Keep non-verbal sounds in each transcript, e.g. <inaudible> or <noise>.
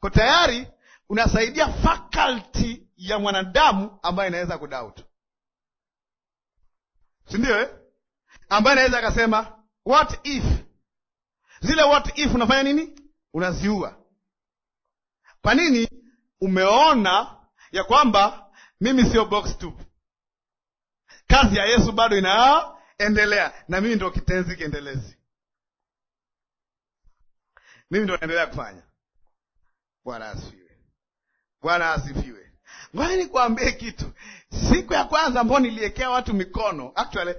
Kwa tayari unasaidia faculty ya mwanadamu ambayo inaweza kudoubt, si ndio eh? Ambayo inaweza akasema what if. Zile what if unafanya nini? Unaziua. Kwa nini? Umeona ya kwamba mimi sio box tu, kazi ya Yesu bado inaendelea, na mimi ndo kitenzi kiendelezi, mimi ndo naendelea kufanya Bwana asifiwe, Bwana asifiwe. Ngoja nikuambie kitu. Siku ya kwanza ambao niliwekea watu mikono, actually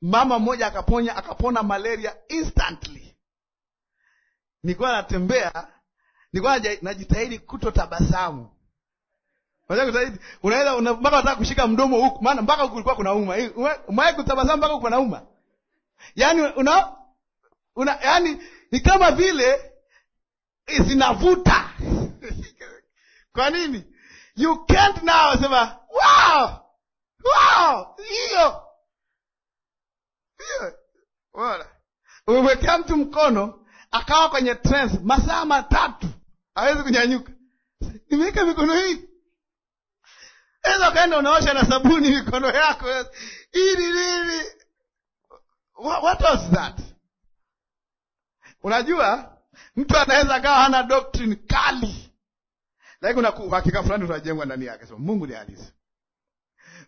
mama mmoja akaponya, akapona malaria instantly. Nilikuwa natembea, nilikuwa najitahidi kutotabasamu unaweza mpaka unataka kushika mdomo huku, maana mpaka kulikuwa uma. Umewahi kutabasamu mpaka uma? Yani una, una yani ni kama vile eh, zinavuta <laughs> kwa nini you can't now sema wow wow hiyo hiyo bora umemwekea mtu mkono akawa kwenye trance masaa matatu hawezi kunyanyuka nimeweka mikono hii eza ukaenda unaosha na sabuni mikono yako ili lili what, what was that unajua mtu anaweza akawa hana doctrine kali lakini eh, kuna uhakika fulani utajengwa ndani yake. Sema Mungu ni halisi.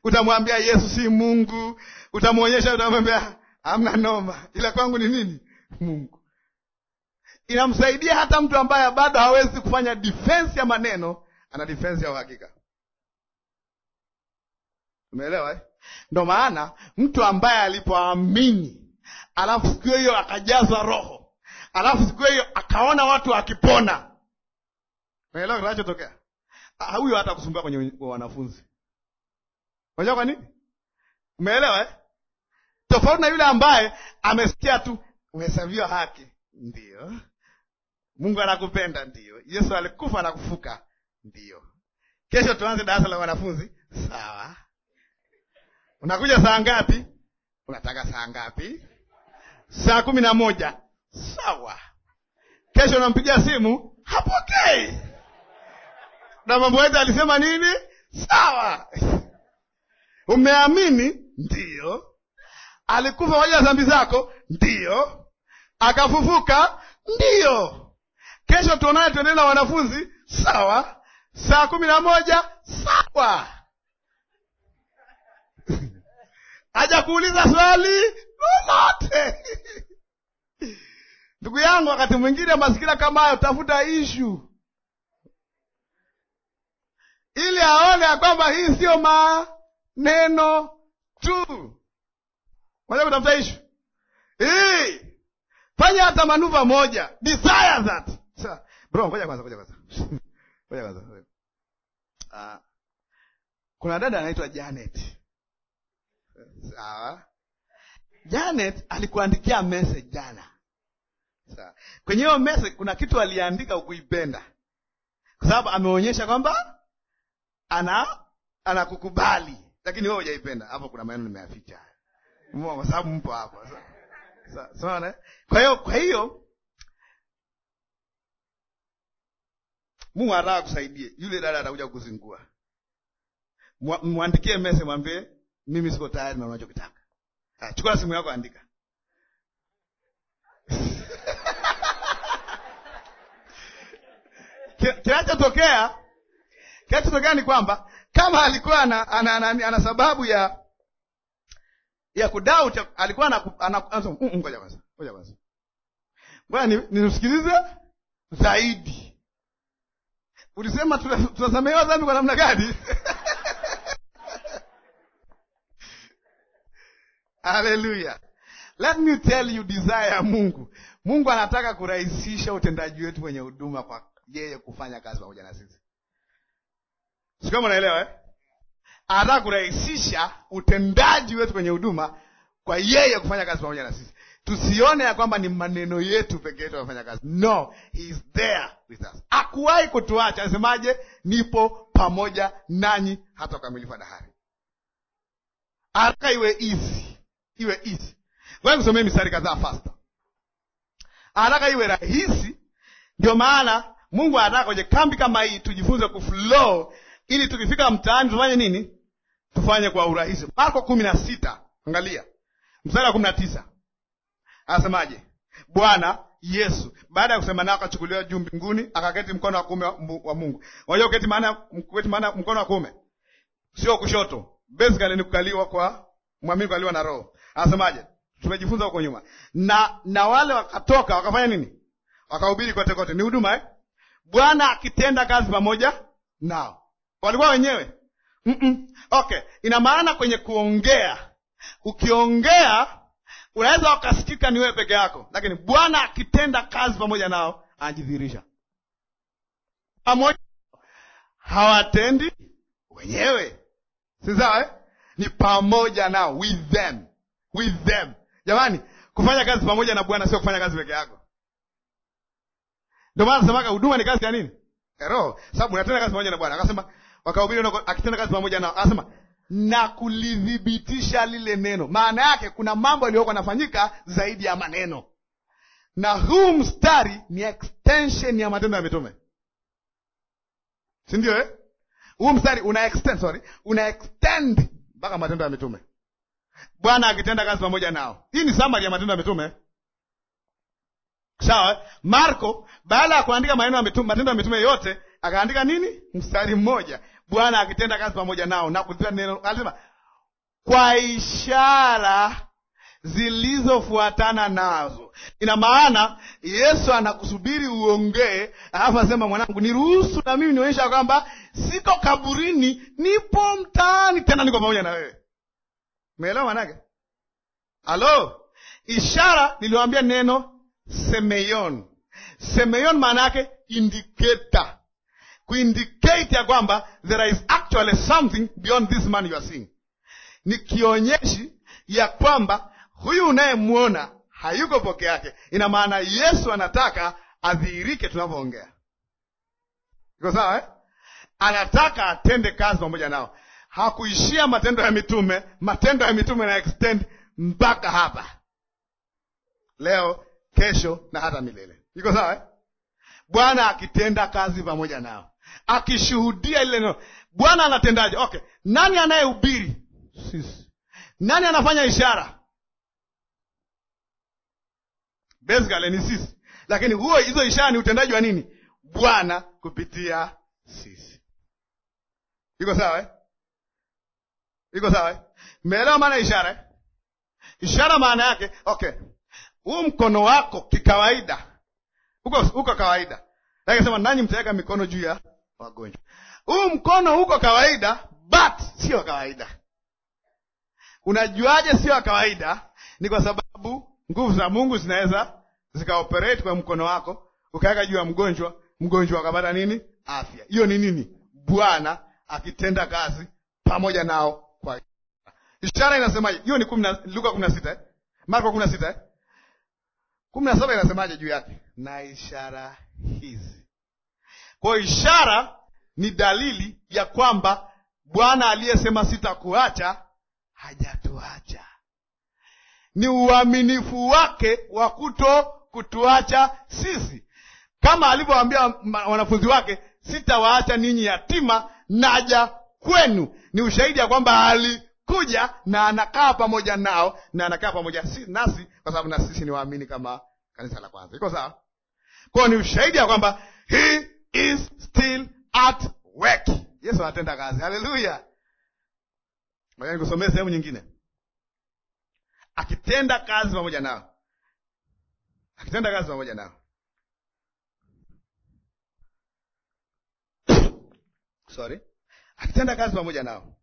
Utamwambia Yesu si Mungu, utamwonyesha, utamwambia hamna noma, ila kwangu ni nini? Mungu. Inamsaidia hata mtu ambaye bado hawezi kufanya defense ya maneno, ana defense ya uhakika. Umeelewa eh? Ndo maana mtu ambaye alipoamini, alafu siku hiyo akajazwa Roho, alafu siku hiyo akaona watu akipona Unaelewa kinachotokea? Ah, Huyo hata kusumbua kwenye wanafunzi. Unajua kwa nini? Umeelewa eh? Tofauti na yule ambaye amesikia tu uhesabiwa haki, ndiyo Mungu anakupenda, ndio Yesu alikufa na kufuka, ndiyo kesho tuanze darasa la wanafunzi, sawa? Unakuja saa ngapi? Unataka saa ngapi? Saa kumi na moja, sawa. Kesho unampigia simu, hapokei na mambo yote alisema nini? Sawa. Umeamini? Ndiyo. Alikufa kwa ajili ya dhambi zako? Ndiyo. Akafufuka? Ndiyo. Kesho tuonane, tuendelee na wanafunzi. Sawa. Saa kumi na moja. Sawa. <laughs> Hajakuuliza swali lolote. <laughs> Ndugu yangu, wakati mwingine masikira kama hayo, tafuta ishu ili aone ya kwamba hii siyo maneno tu. Moja kutafuta ishu hii, fanya hata manuva moja, desire that bro. Ngoja kwanza, ngoja kwanza, <laughs> ngoja kwanza. Uh, kuna dada anaitwa Janet. Sawa, Janet alikuandikia message jana. Sawa, kwenye hiyo message kuna kitu aliandika ukuipenda, kwa sababu ameonyesha kwamba ana anakukubali, lakini wewe hujaipenda. Hapo kuna maneno nimeyaficha kwa sababu mpo hapo. Sawa. Eh? Kwa hiyo kwa hiyo Mungu anataka kusaidie. Yule dada atakuja kukuzingua. Mwandikie message mwambie mimi siko tayari na unachokitaka. Ah, chukua simu yako andika. <laughs> Kinachotokea kinachotokea ni kwamba kama alikuwa ana, ana, ana, ana, ana sababu ya ya kudoubt alikuwa anasema mm, mm, ngoja kwanza, ngoja kwanza, ngoja nimsikilize zaidi. Ulisema tunasamehewa dhambi kwa namna gani? <laughs> Haleluya! Let me tell you desire ya Mungu. Mungu anataka kurahisisha utendaji wetu wenye huduma kwa yeye kufanya kazi pamoja na sisi. Sikuwa mnaelewa eh? Anataka kurahisisha utendaji wetu kwenye huduma kwa yeye kufanya kazi pamoja na sisi. Tusione ya kwamba ni maneno yetu peke yetu anafanya kazi. No, he is there with us. Hakuwahi kutuacha. asemaje Nipo pamoja nanyi hata ukamilifu wa dahari. Anataka iwe easy, iwe easy. Ngoja kusomea mistari kadhaa fasta. araka iwe rahisi, ndio maana Mungu anataka kwenye kambi kama hii tujifunze kuflow ili tukifika mtaani tufanye nini? Tufanye kwa urahisi. Marko kumi na sita angalia mstari wa kumi na tisa anasemaje? Bwana Yesu baada ya kusema nao akachukuliwa juu mbinguni, akaketi mkono wa kuume wa Mungu. Unajua kuketi maana kuketi maana mkono wa kuume sio kushoto, basically ni kukaliwa kwa mwamini, kukaliwa na Roho. Anasemaje? Tumejifunza huko nyuma na na wale wakatoka wakafanya nini? Wakahubiri kote kote. Ni huduma eh? Bwana akitenda kazi pamoja nao walikuwa wenyewe mm -mm. Okay, ina maana kwenye kuongea, ukiongea unaweza ukasikika ni wewe peke yako, lakini Bwana akitenda kazi pamoja nao anajidhihirisha pamoja. Hawatendi wenyewe, si sawa eh? Ni pamoja nao, with them, with them. Jamani, kufanya kazi pamoja na Bwana sio kufanya kazi peke yako. Ndio maana nasemaga huduma ni kazi ya nini? Ya Roho, sababu unatenda kazi pamoja na Bwana. Akasema wakahubiri akitenda kazi pamoja nao, anasema na kulidhibitisha lile neno. Maana yake kuna mambo yaliyokuwa yanafanyika zaidi ya maneno, na huu mstari ni extension ya matendo ya mitume, si ndio eh? Huu mstari una extend, sorry, una extend mpaka matendo ya mitume, Bwana akitenda kazi pamoja nao. Hii ni summary ya matendo ya mitume, sawa? Eh? Marko baada ya kuandika maneno ya mitume, matendo ya mitume yote akaandika nini? Mstari mmoja Bwana akitenda kazi pamoja nao na kutenda neno, anasema kwa ishara zilizofuatana nazo. Ina maana Yesu anakusubiri uongee, alafu asema mwanangu, niruhusu na mimi nionyesha kwamba siko kaburini, nipo mtaani, tena niko pamoja na wewe. Umeelewa manake? Halo, ishara niliwaambia neno semeyon. Semeyon maana yake indiketa kuindicate ya kwamba there is actually something beyond this man you are seeing. Ni kionyeshi ya kwamba huyu unayemwona hayuko peke yake. Ina maana Yesu anataka adhihirike tunapoongea. Iko sawa eh? Anataka atende kazi pamoja nao. Hakuishia matendo ya mitume. Matendo ya mitume na extend mpaka hapa leo, kesho na hata milele. Iko sawa eh? Bwana akitenda kazi pamoja nao akishuhudia ile neno. Bwana anatendaje? Okay, nani anayehubiri? Sisi. Nani anafanya ishara? Basically ni sisi, lakini huo hizo ishara ni utendaji wa nini? Bwana kupitia sisi. Iko sawa eh? Iko sawa eh? Meelewa maana ishara eh? Ishara maana yake okay, huu mkono wako kikawaida uko uko kawaida, lakini sema nanyi mtaweka mikono juu ya wagonjwa. Huu mkono huko kawaida, but sio wa kawaida. Unajuaje sio wa kawaida? Ni kwa sababu nguvu za Mungu zinaweza zikaoperate kwa mkono wako, ukaweka juu ya mgonjwa, mgonjwa akapata nini? Afya. Hiyo ni nini? Bwana akitenda kazi pamoja nao kwa ishara. Inasemaje? hiyo ni Luka kumi na sita eh? Marko kumi na sita eh? kumi na saba inasemaje juu yake? na ishara hizi kwa ishara ni dalili ya kwamba Bwana aliyesema sitakuacha hajatuacha. Ni uaminifu wake wa kuto kutuacha sisi, kama alivyowaambia wanafunzi wake, sitawaacha ninyi yatima, naja kwenu. Ni ushahidi ya kwamba alikuja na anakaa pamoja nao na anakaa pamoja nasi, kwa sababu na sisi ni waamini kama kanisa la kwanza. Iko sawa? Kwao ni ushahidi ya kwamba hii is still at work. Yesu anatenda kazi. Haleluya! Ngoja nikusomee sehemu nyingine, akitenda kazi pamoja nao, akitenda kazi pamoja nao. <coughs> Sorry, akitenda kazi pamoja nao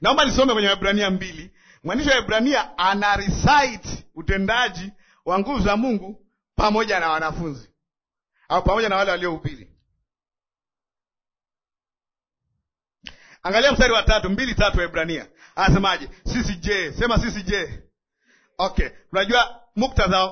Naomba nisome kwenye Waebrania mbili. Mwandishi wa Waebrania ana recite utendaji wa nguvu za Mungu pamoja na wanafunzi au pamoja na wale waliohubiri. Angalia mstari wa tatu, mbili tatu, Waebrania anasemaje? Sisi je, sema sisi je. Okay, unajua muktadha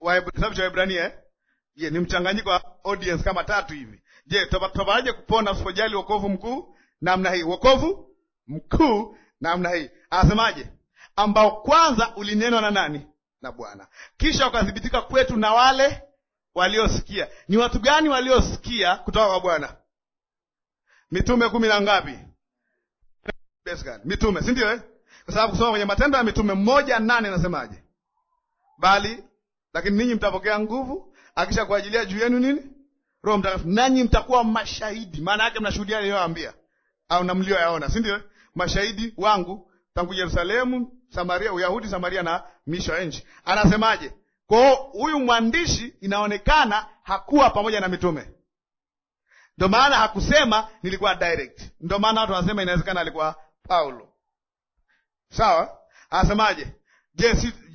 wa kitabu cha Waebrania eh? ni mchanganyiko wa audience kama tatu hivi. Je, tutapataje kupona usipojali wokovu mkuu namna hii? Wokovu mkuu namna hii, anasemaje? Ambao kwanza ulinenwa na nani? Na Bwana, kisha ukathibitika kwetu na wale waliosikia. Ni watu gani waliosikia kutoka kwa Bwana? Mitume kumi na ngapi? Mitume, si ndio eh? Kwa sababu kusoma kwenye Matendo ya Mitume moja nane nasemaje? Bali lakini ninyi mtapokea nguvu akisha kuajilia juu yenu nini? Roho Mtakatifu, nanyi mtakuwa mashahidi. Maana yake mnashuhudia niliyoambia au na mlioyaona, si ndio? Eh? mashahidi wangu tangu Yerusalemu, Samaria, Uyahudi, Samaria na misho ya nchi. Anasemaje? Kwao huyu mwandishi inaonekana hakuwa pamoja na mitume, ndo maana hakusema nilikuwa direct. Ndo maana watu wanasema inawezekana alikuwa Paulo. Sawa, anasemaje? Je,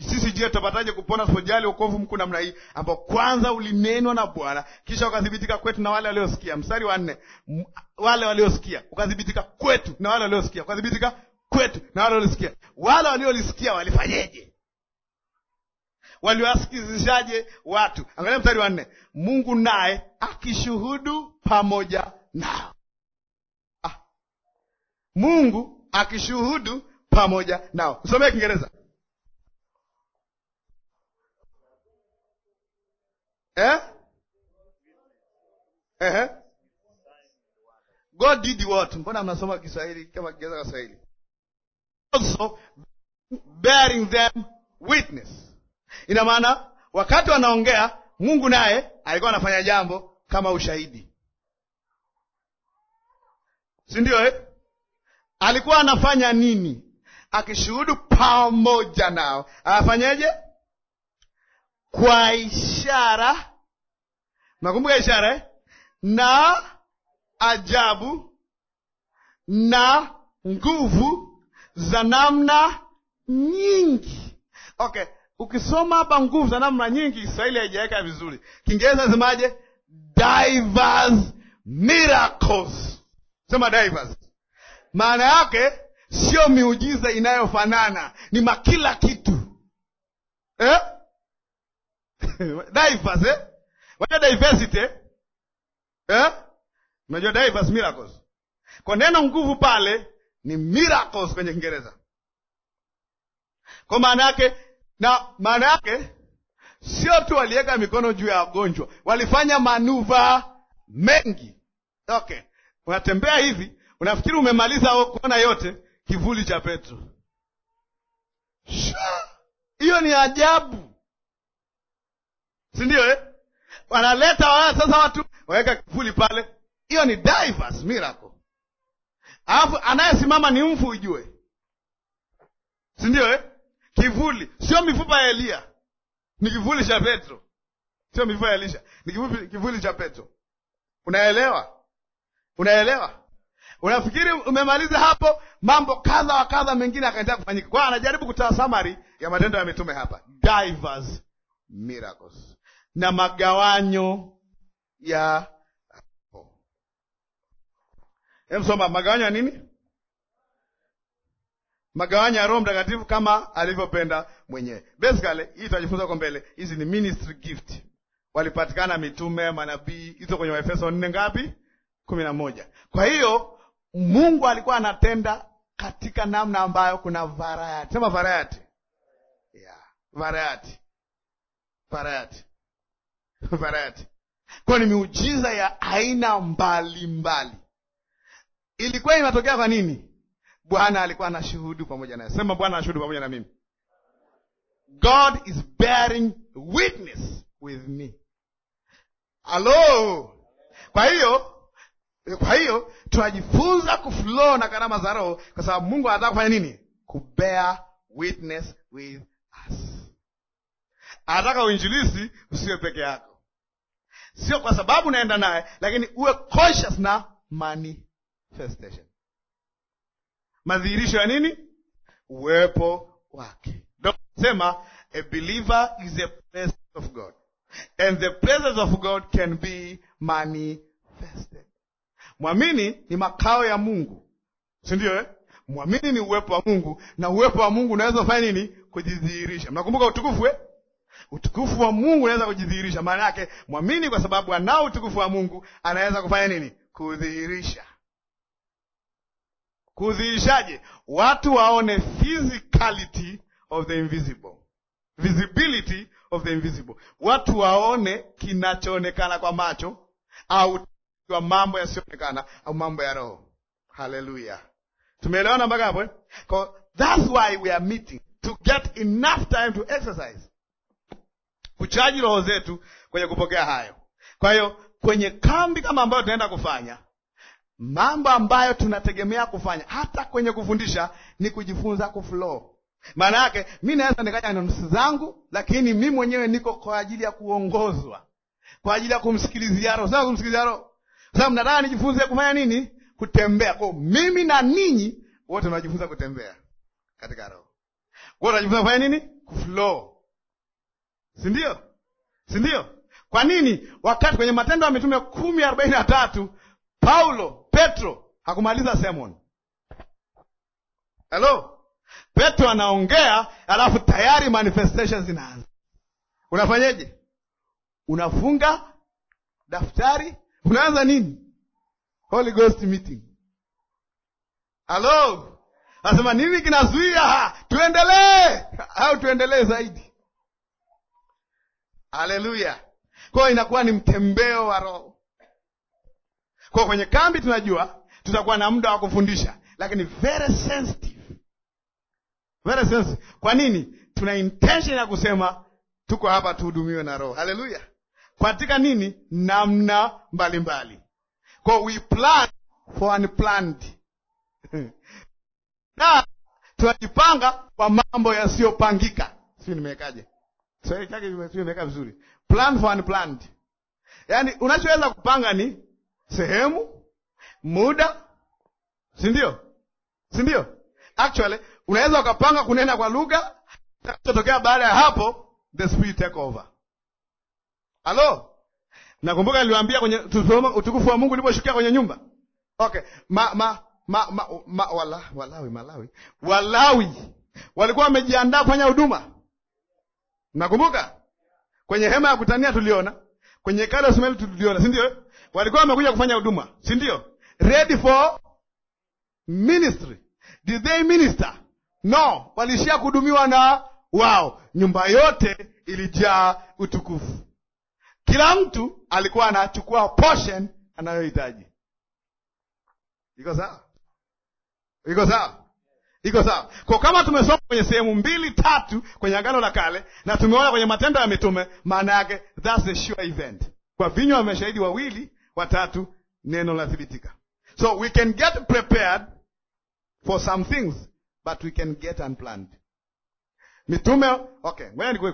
sisi je tutapataje kupona sojali wokovu mkuu namna hii ambao kwanza ulinenwa na Bwana kisha ukathibitika kwetu na wale waliosikia. Mstari wa nne, wale waliosikia ukathibitika kwetu na wale waliosikia ukathibitika kwetu na wale waliosikia. Wale waliolisikia walifanyeje? Waliwasikizishaje watu? Angalia mstari wa nne, Mungu naye akishuhudu pamoja nao. Ah, Mungu akishuhudu pamoja nao. Usomee Kiingereza. Eh? Eh? God did what? Mbona mnasoma Kiswahili kama kigeza Kiswahili? Also bearing them witness. Ina maana wakati wanaongea Mungu naye alikuwa anafanya jambo kama ushahidi. Si ndio eh? Alikuwa anafanya nini? Akishuhudu pamoja nao. Afanyeje? kwa ishara, nakumbuka ishara eh? na ajabu na nguvu za namna nyingi. Okay, ukisoma hapa nguvu za namna nyingi, Kiswahili haijaweka vizuri. Kiingereza nasemaje? Divers miracles. Sema divers. maana yake sio miujiza inayofanana, ni makila kitu eh? <laughs> divers eh? diversity eh? eh? Unajua miracles. Kwa neno nguvu pale ni miracles kwenye Kiingereza. Kwa maana yake na maana yake sio tu waliweka mikono juu ya wagonjwa, walifanya manuva mengi. Okay, unatembea hivi, unafikiri umemaliza kuona yote, kivuli cha Petro. Hiyo ni ajabu si ndio eh? Wanaleta wala sasa watu waweka kivuli pale, hiyo ni divers miracle. Alafu anayesimama ni mfu, ujue, si ndio eh? Kivuli sio mifupa ya Elia, ni kivuli cha Petro, sio mifupa ya Elisha, ni kivuli, kivuli cha Petro. Unaelewa? Unaelewa? Unafikiri umemaliza hapo? Mambo kadha wa kadha mengine akaendelea kufanyika. Kwa anajaribu kutoa summary ya matendo ya mitume hapa, divers miracles na magawanyo ya emsoma magawanyo ya nini? Magawanyo ya Roho Mtakatifu kama alivyopenda mwenyewe. Basically hii tutajifunza huko mbele. Hizi ni ministry gift, walipatikana mitume, manabii. Hizo kwenye Waefeso nne ngapi? kumi na moja. Kwa hiyo Mungu alikuwa anatenda katika namna ambayo kuna variety. Sema variety. Yeah. Variety. Variety variety. <laughs> Kwa ni miujiza ya aina mbalimbali mbali. Ilikuwa inatokea kwa nini? Bwana alikuwa anashuhudu pamoja naye. Sema Bwana anashuhudu pamoja na mimi. God is bearing witness with me. Hello. Kwa hiyo kwa hiyo tunajifunza kuflow na karama za Roho kwa sababu Mungu anataka kufanya nini? Kubea witness with us anataka uinjilisi usiwe peke yako, sio kwa sababu naenda naye, lakini uwe conscious na manifestation, madhihirisho ya nini? Uwepo wake. sema a believer is a presence of God and the presence of God can be manifested. Mwamini ni makao ya Mungu, si ndio eh? Mwamini ni uwepo wa Mungu na uwepo wa Mungu unaweza kufanya nini? Kujidhihirisha. Mnakumbuka utukufu eh? Utukufu wa Mungu unaweza kujidhihirisha. Maana yake mwamini, kwa sababu anao utukufu wa Mungu, anaweza kufanya nini? Kudhihirisha. Kudhihirishaje? Watu waone physicality of the invisible, visibility of the invisible. Watu waone kinachoonekana kwa macho au wa mambo yasiyoonekana au mambo ya roho. Haleluya, tumeelewana mpaka hapo eh? That's why we are meeting to get enough time to exercise kuchaji roho zetu kwenye kupokea hayo. Kwa hiyo kwenye kambi kama ambayo tunaenda kufanya mambo ambayo tunategemea kufanya, hata kwenye kufundisha ni kujifunza kuflow. Maana yake mi naweza nikaja na nusu zangu, lakini mi mwenyewe niko kwa ajili ya kuongozwa, kwa ajili ya kumsikilizia Roho, sasa kumsikilizia Roho. Sasa mnataka nijifunze kufanya nini? Kutembea. Kwa mimi na ninyi wote tunajifunza kutembea katika Roho, wote tunajifunza kufanya nini? Kuflow sindio sindio Kwa nini? Wakati kwenye Matendo ya Mitume kumi arobaini na tatu Paulo Petro hakumaliza sermon. Hello, Petro anaongea alafu tayari manifestation zinaanza. Unafanyeje? Unafunga daftari, unaanza nini? Holy Ghost meeting. Hello, nasema nini kinazuia tuendelee au tuendelee zaidi? Haleluya! Kwa hiyo inakuwa ni mtembeo wa Roho. Kwa hiyo kwenye kambi tunajua tutakuwa na muda wa kufundisha, lakini very sensitive, very sensitive. Kwa nini? Tuna intention ya kusema tuko hapa tuhudumiwe na Roho. Haleluya! katika nini? Namna mbalimbali. Kwa we plan for unplanned <laughs> na tunajipanga kwa mambo yasiyopangika, si Nimewekaje? Swali chake vimeweka vizuri, plan for unplanned. Yaani unachoweza kupanga ni sehemu, muda, si ndio? Si ndio? Actually unaweza ukapanga kunena kwa lugha, kinachotokea baada ya hapo, the spirit take over. Hello? nakumbuka niliwaambia kwenye tusoma utukufu wa Mungu uliposhukia kwenye nyumba. Okay, ma ma ma, ma, ma wala, walawi Malawi Walawi walikuwa wamejiandaa kufanya huduma Mnakumbuka kwenye hema ya kutania tuliona, kwenye kale Ismaili tuliona, si ndio? Walikuwa wamekuja kufanya huduma, si ndio? Ready for ministry. Did they minister? No, walishia kuhudumiwa na wao. Nyumba yote ilijaa utukufu, kila mtu alikuwa anachukua portion anayohitaji. Iko sawa? Iko sawa? Iko sawa? Kwa kama tumesoma kwenye sehemu mbili tatu kwenye Agano la Kale na tumeona kwenye Matendo ya Mitume. Maana yake that's a sure event, kwa vinywa vya mashahidi wawili watatu neno linathibitika. So we can get prepared for some things but we can get unplanned. Mitume okay, ngoja nikuwe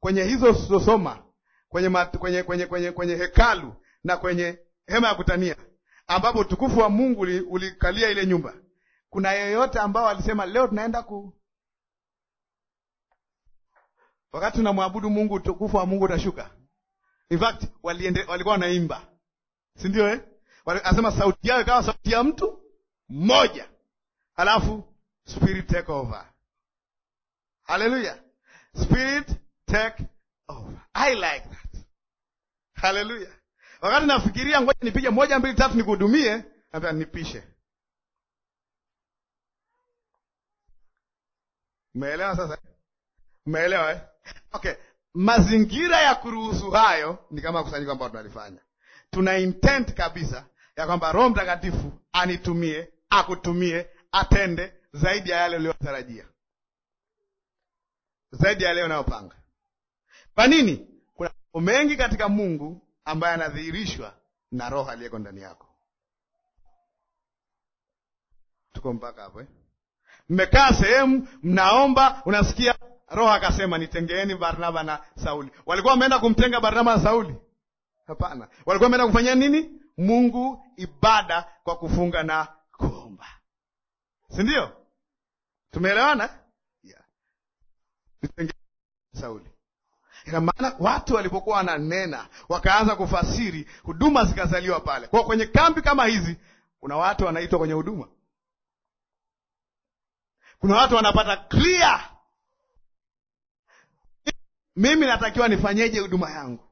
kwenye hizo sosoma kwenye, mat, kwenye, kwenye, kwenye, kwenye hekalu na kwenye hema ya kutania ambapo utukufu wa Mungu ulikalia ile nyumba. Kuna yeyote ambao alisema leo tunaenda ku Wakati tunamwabudu Mungu, utukufu wa Mungu utashuka. In fact waliende, walikuwa wanaimba, si ndio eh? Anasema sauti yao ikawa sauti ya mtu mmoja, alafu spirit take over. Haleluya, spirit take over. I like that. Haleluya. Wakati nafikiria ngoja nipige moja mbili tatu nikuhudumie, naambia nipishe. Umeelewa sasa? Umeelewa eh? <laughs> Okay, mazingira ya kuruhusu hayo ni kama kusanyiko ambao tunalifanya, tuna intent kabisa ya kwamba Roho Mtakatifu anitumie, akutumie, atende zaidi ya yale uliyotarajia, zaidi ya yale unayopanga. Kwa nini? Kuna mambo mengi katika Mungu ambaye anadhihirishwa na Roho aliyeko ndani yako. Tuko mpaka hapo eh? Mmekaa sehemu mnaomba, unasikia Roho akasema nitengeeni Barnaba na Sauli. Walikuwa wameenda kumtenga Barnaba na Sauli? Hapana, walikuwa wameenda kufanya nini? Mungu ibada kwa kufunga na kuomba, si ndio? Tumeelewana? yeah. Sauli. Ina maana watu walipokuwa wananena wakaanza kufasiri, huduma zikazaliwa pale. Kwa kwenye kambi kama hizi, kuna watu wanaitwa kwenye huduma, kuna watu wanapata clear mimi natakiwa nifanyeje huduma yangu?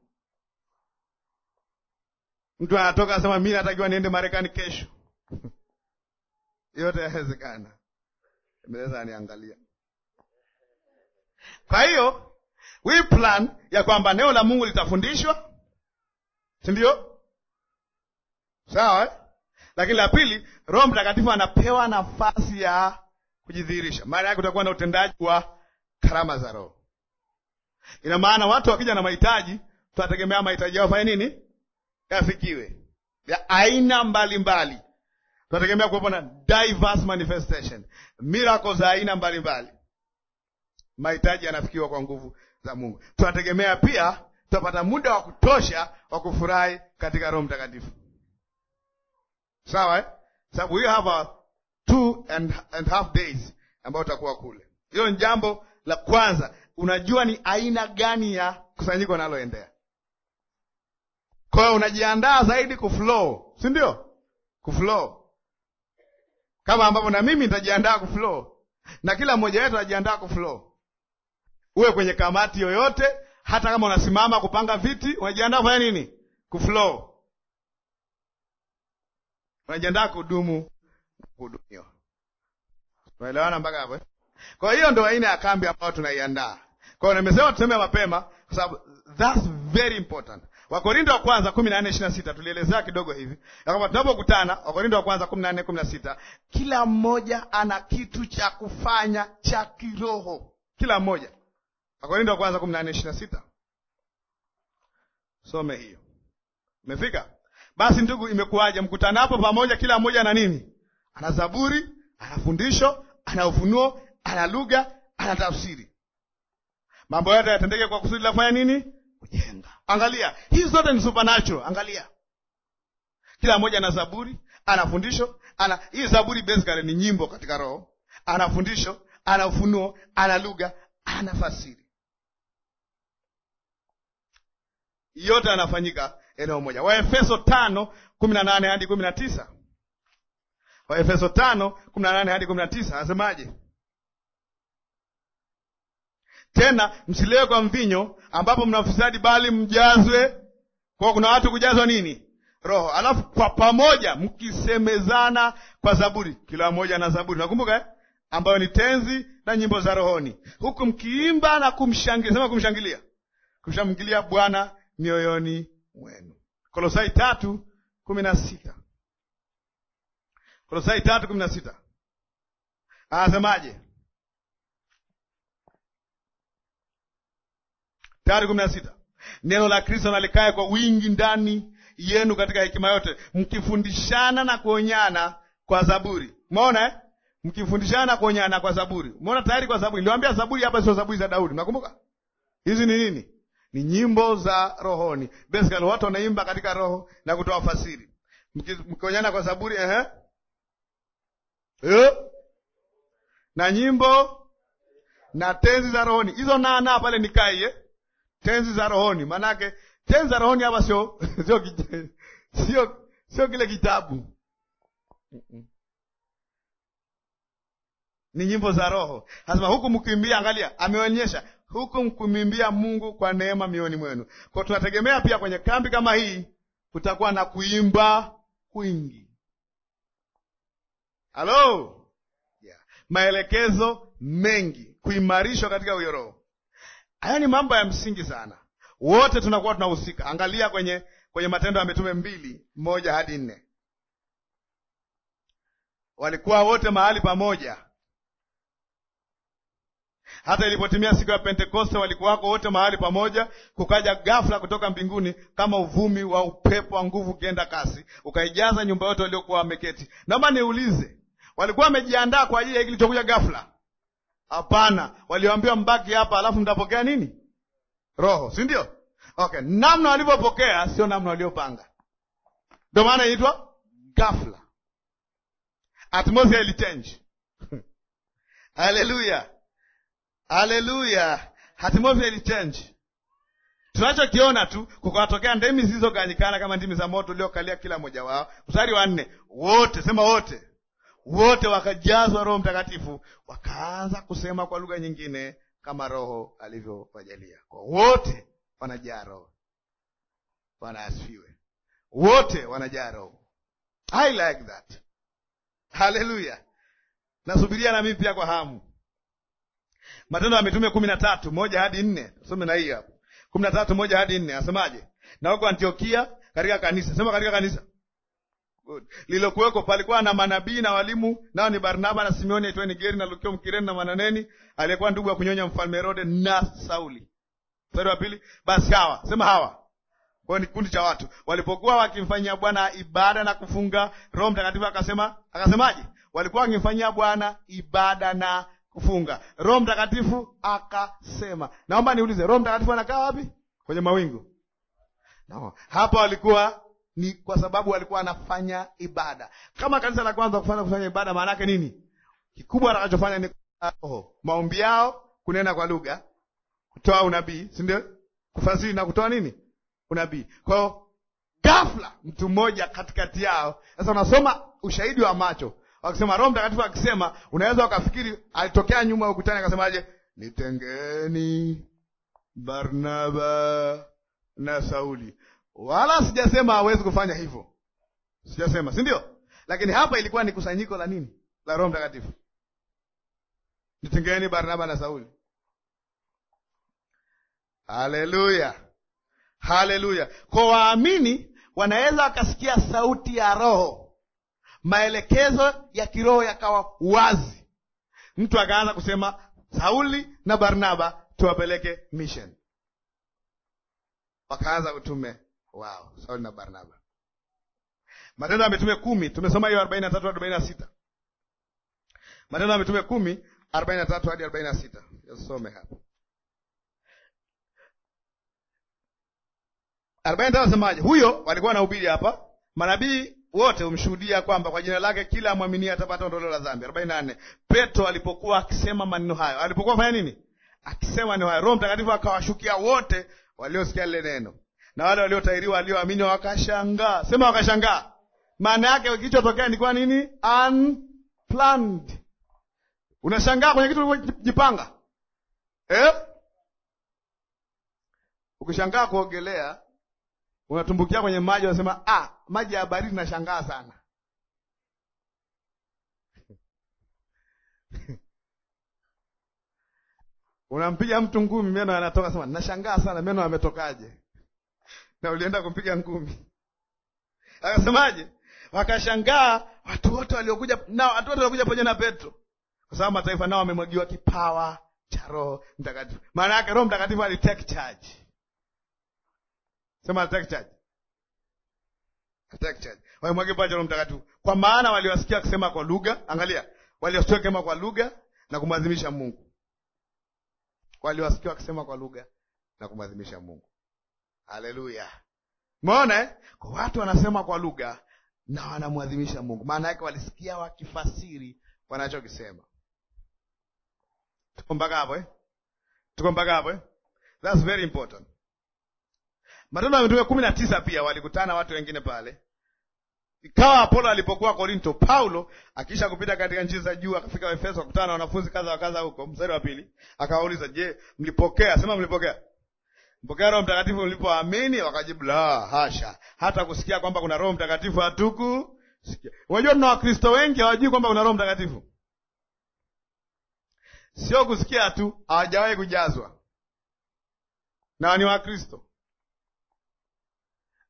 Mtu anatoka asema mimi natakiwa niende Marekani kesho <laughs> yote yawezekana, mnaweza niangalia. Kwa hiyo we plan ya kwamba neno la Mungu litafundishwa, si ndio? Sawa eh? Lakini la pili, Roho Mtakatifu anapewa nafasi ya kujidhihirisha. Maana yake utakuwa na utendaji wa karama za Roho. Ina maana watu wakija na mahitaji, tunategemea mahitaji yao fanye nini? Yafikiwe ya aina mbalimbali. Tunategemea kuwepo na diverse manifestation, miracles za aina mbalimbali. Mahitaji yanafikiwa kwa nguvu za Mungu. Tunategemea pia tutapata muda wa kutosha wa kufurahi katika Roho Mtakatifu. Sawa eh? Sababu hiyo a two and, and half days ambayo utakuwa kule. Hiyo ni jambo la kwanza unajua ni aina gani ya kusanyiko unaloendea. Kwa hiyo unajiandaa zaidi kuflow, si ndio? Kuflow kama ambavyo na mimi nitajiandaa kuflow, na kila mmoja wetu anajiandaa kuflow. Uwe kwenye kamati yoyote, hata kama unasimama kupanga viti, unajiandaa kufanya nini? Kuflow. Unajiandaa kudumu, kudumiwa. Tunaelewana mpaka hapo? Kwa hiyo ndo aina ya kambi ambayo tunaiandaa. Kwa hiyo nimesema tuseme mapema kwa sababu that's very important. Wakorintho wa kwanza 14:26 tulielezea kidogo hivi. Na kama tunapokutana Wakorintho wa kwanza 14:16 kila mmoja ana kitu cha kufanya cha kiroho. Kila mmoja. Wakorintho wa kwanza 14:26. Some hiyo. Umefika? Basi ndugu, imekuwaje hapo pamoja kila mmoja ana nini? Ana zaburi, ana fundisho, ana ufunuo, ana lugha, ana tafsiri mambo yote yatendeke kwa kusudi la kufanya nini? Kujenga. Angalia, hizi zote ni supernatural. Angalia, kila mmoja ana zaburi, ana fundisho, ana hii zaburi basically ni nyimbo katika roho, ana fundisho, ana ufunuo, ana lugha, ana fasiri, yote anafanyika eneo moja. Waefeso tano kumi na nane hadi kumi na tisa Waefeso tano kumi na nane hadi kumi na tisa anasemaje? Tena msilewe kwa mvinyo, ambapo mnafisadi, bali mjazwe. Kwa kuna watu kujazwa nini? Roho. Alafu kwa pamoja mkisemezana kwa zaburi, kila mmoja na zaburi, nakumbuka eh? ambayo ni tenzi na nyimbo za rohoni, huku mkiimba na kumshangilia. Sema kumshangilia, kumshangilia Bwana mioyoni mwenu. Kolosai tatu kumi na sita. Kolosai tatu kumi na sita anasemaje? Tayari kumi na sita, neno la Kristo nalikae kwa wingi ndani yenu katika hekima yote, mkifundishana na kuonyana kwa zaburi. Umeona eh? mkifundishana na kuonyana kwa zaburi. Umeona tayari kwa zaburi, niliwaambia zaburi hapa sio zaburi za Daudi, nakumbuka hizi ni nini? Ni nyimbo za rohoni, basically watu wanaimba katika roho na kutoa fasiri, mkionyana kwa zaburi eh? Eh? na nyimbo na tenzi za rohoni hizo, naanaa pale nikaiye eh? tenzi za rohoni. Maanake tenzi za rohoni hapa sio <laughs> sio sio kile kitabu ni nyimbo za Roho. Anasema huku mkimbia, angalia, ameonyesha huku mkimbia Mungu kwa neema mioni mwenu. Kwa tunategemea pia kwenye kambi kama hii kutakuwa na kuimba kwingi. Halo, yeah. maelekezo mengi, kuimarishwa katika huyo Roho. Haya ni mambo ya msingi sana, wote tunakuwa tunahusika. Angalia kwenye kwenye Matendo ya Mitume mbili moja hadi nne walikuwa wote mahali pamoja. Hata ilipotimia siku ya Pentekoste, walikuwako wote mahali pamoja. Kukaja ghafla kutoka mbinguni kama uvumi wa upepo wa nguvu ukienda kasi, ukaijaza nyumba yote waliokuwa wameketi. Naomba niulize, walikuwa wamejiandaa kwa ajili ya kilichokuja ghafla? Hapana, waliwaambiwa mbaki hapa, alafu mtapokea nini? Roho, si ndio? Okay, namna walivyopokea sio namna waliopanga, ndio maana inaitwa ghafla. Atmosphere ilichange. <laughs> Haleluya, haleluya, atmosphere ilichange. Tunachokiona tu kukawatokea ndimi zilizogawanyikana kama ndimi za moto uliokalia kila mmoja wao. Mstari wa nne, wote sema wote wote wakajazwa Roho Mtakatifu, wakaanza kusema kwa lugha nyingine kama Roho alivyowajalia. Kwa wote wanajaa Roho. Bwana asifiwe. Wote wanajaa Roho. I like that. Haleluya. Nasubiria na mimi pia kwa hamu. Matendo ya Mitume kumi na tatu moja hadi nne. Some na hii hapo kumi na tatu moja hadi nne, asemaje Na huko Antiokia katika kanisa, sema katika kanisa lilokuweko palikuwa na manabii na walimu, nao ni Barnaba na Simeoni aitwaye Geri na Lukio Mkireni na Mananeni aliyekuwa ndugu ya kunyonya mfalme Herode na Sauli. Mstari wa pili, basi hawa sema hawa kwayo ni kikundi cha watu walipokuwa wakimfanyia Bwana ibada na kufunga, Roho Mtakatifu akasema, akasemaje? Walikuwa wakimfanyia Bwana ibada na kufunga, Roho Mtakatifu akasema. Naomba niulize, Roho Mtakatifu anakaa wapi? Kwenye mawingu? No. Hapa walikuwa ni kwa sababu alikuwa anafanya ibada. Kama kanisa la kwanza kufanya kufanya ibada, maana yake nini? Kikubwa atakachofanya ni roho, maombi yao, kunena kwa lugha, kutoa unabii, si ndio? Kufasiri na kutoa nini? Unabii. Kwa hiyo ghafla mtu mmoja katikati yao, sasa unasoma ushahidi wa macho wakisema, Roho Mtakatifu akisema, unaweza ukafikiri alitokea nyuma ukutani akasemaje, nitengeni Barnaba na Sauli wala sijasema hawezi kufanya hivyo, sijasema, si ndio? Lakini hapa ilikuwa ni kusanyiko la nini? La Roho Mtakatifu. Nitengeeni Barnaba na Sauli. Haleluya, haleluya! Kwa waamini wanaweza wakasikia sauti ya Roho, maelekezo ya kiroho yakawa wazi, mtu akaanza kusema, Sauli na Barnaba tuwapeleke mission, wakaanza kutume wao Sauli na Barnaba. Matendo ya Mitume kumi tumesoma hiyo arobaini na tatu arobaini na sita Matendo ya Mitume kumi arobaini na tatu hadi arobaini na sita Yasome arobaini na tatu asemaje? Huyo walikuwa wanahubiri hapa, manabii wote humshuhudia kwamba kwa jina lake kila amwaminie atapata ondoleo la dhambi. arobaini na nne Petro alipokuwa akisema maneno hayo, alipokuwa fanya nini? Akisema maneno hayo, Roho Mtakatifu akawashukia wote waliosikia lile neno na wale waliotairiwa walioamini wakashangaa. Sema wakashangaa, maana yake kilichotokea ni kwa nini? Unplanned. Unashangaa kwenye kitu ulivyojipanga eh? Ukishangaa kuogelea unatumbukia kwenye maji, unasema ah, maji ya baridi nashangaa sana <laughs> unampiga mtu ngumi, meno yanatoka, sema nashangaa sana meno yametokaje? na ulienda kupiga ngumi. Akasemaje? Wakashangaa watu wote waliokuja na watu wote waliokuja pamoja na Petro, kwa sababu mataifa nao wamemwagiwa kipawa cha Roho Mtakatifu. Maana yake Roho Mtakatifu alitake charge. Sema alitake charge. Alitake charge. Walimwagiwa pawa cha Roho Mtakatifu, kwa maana waliwasikia kusema kwa lugha. Angalia, waliwasikia kusema kwa lugha na kumwadhimisha Mungu. Waliwasikia kusema kwa lugha na kumwadhimisha Mungu. Haleluya! Umeona eh? kwa watu wanasema kwa lugha na wanamwadhimisha Mungu, maana yake walisikia wakifasiri wanachokisema. Tuko mpaka hapo eh? Tuko mpaka hapo eh? That's very important. Matendo ya Mitume kumi na tisa pia walikutana watu wengine pale. Ikawa Apolo alipokuwa Korinto, Paulo akiisha kupita katika nchi za juu akafika Efeso, akakutana na wanafunzi kadha wa kadha huko. Mstari wa pili akawauliza, je, mlipokea? Sema mlipokea mpokea Roho Mtakatifu ulipoamini? Wakajibu, la hasha, hata kusikia kwamba kuna Roho Mtakatifu hatuku sikia. Unajua, tuna Wakristo wengi hawajui kwamba kuna Roho Mtakatifu, sio kusikia tu, hawajawahi kujazwa na ni Wakristo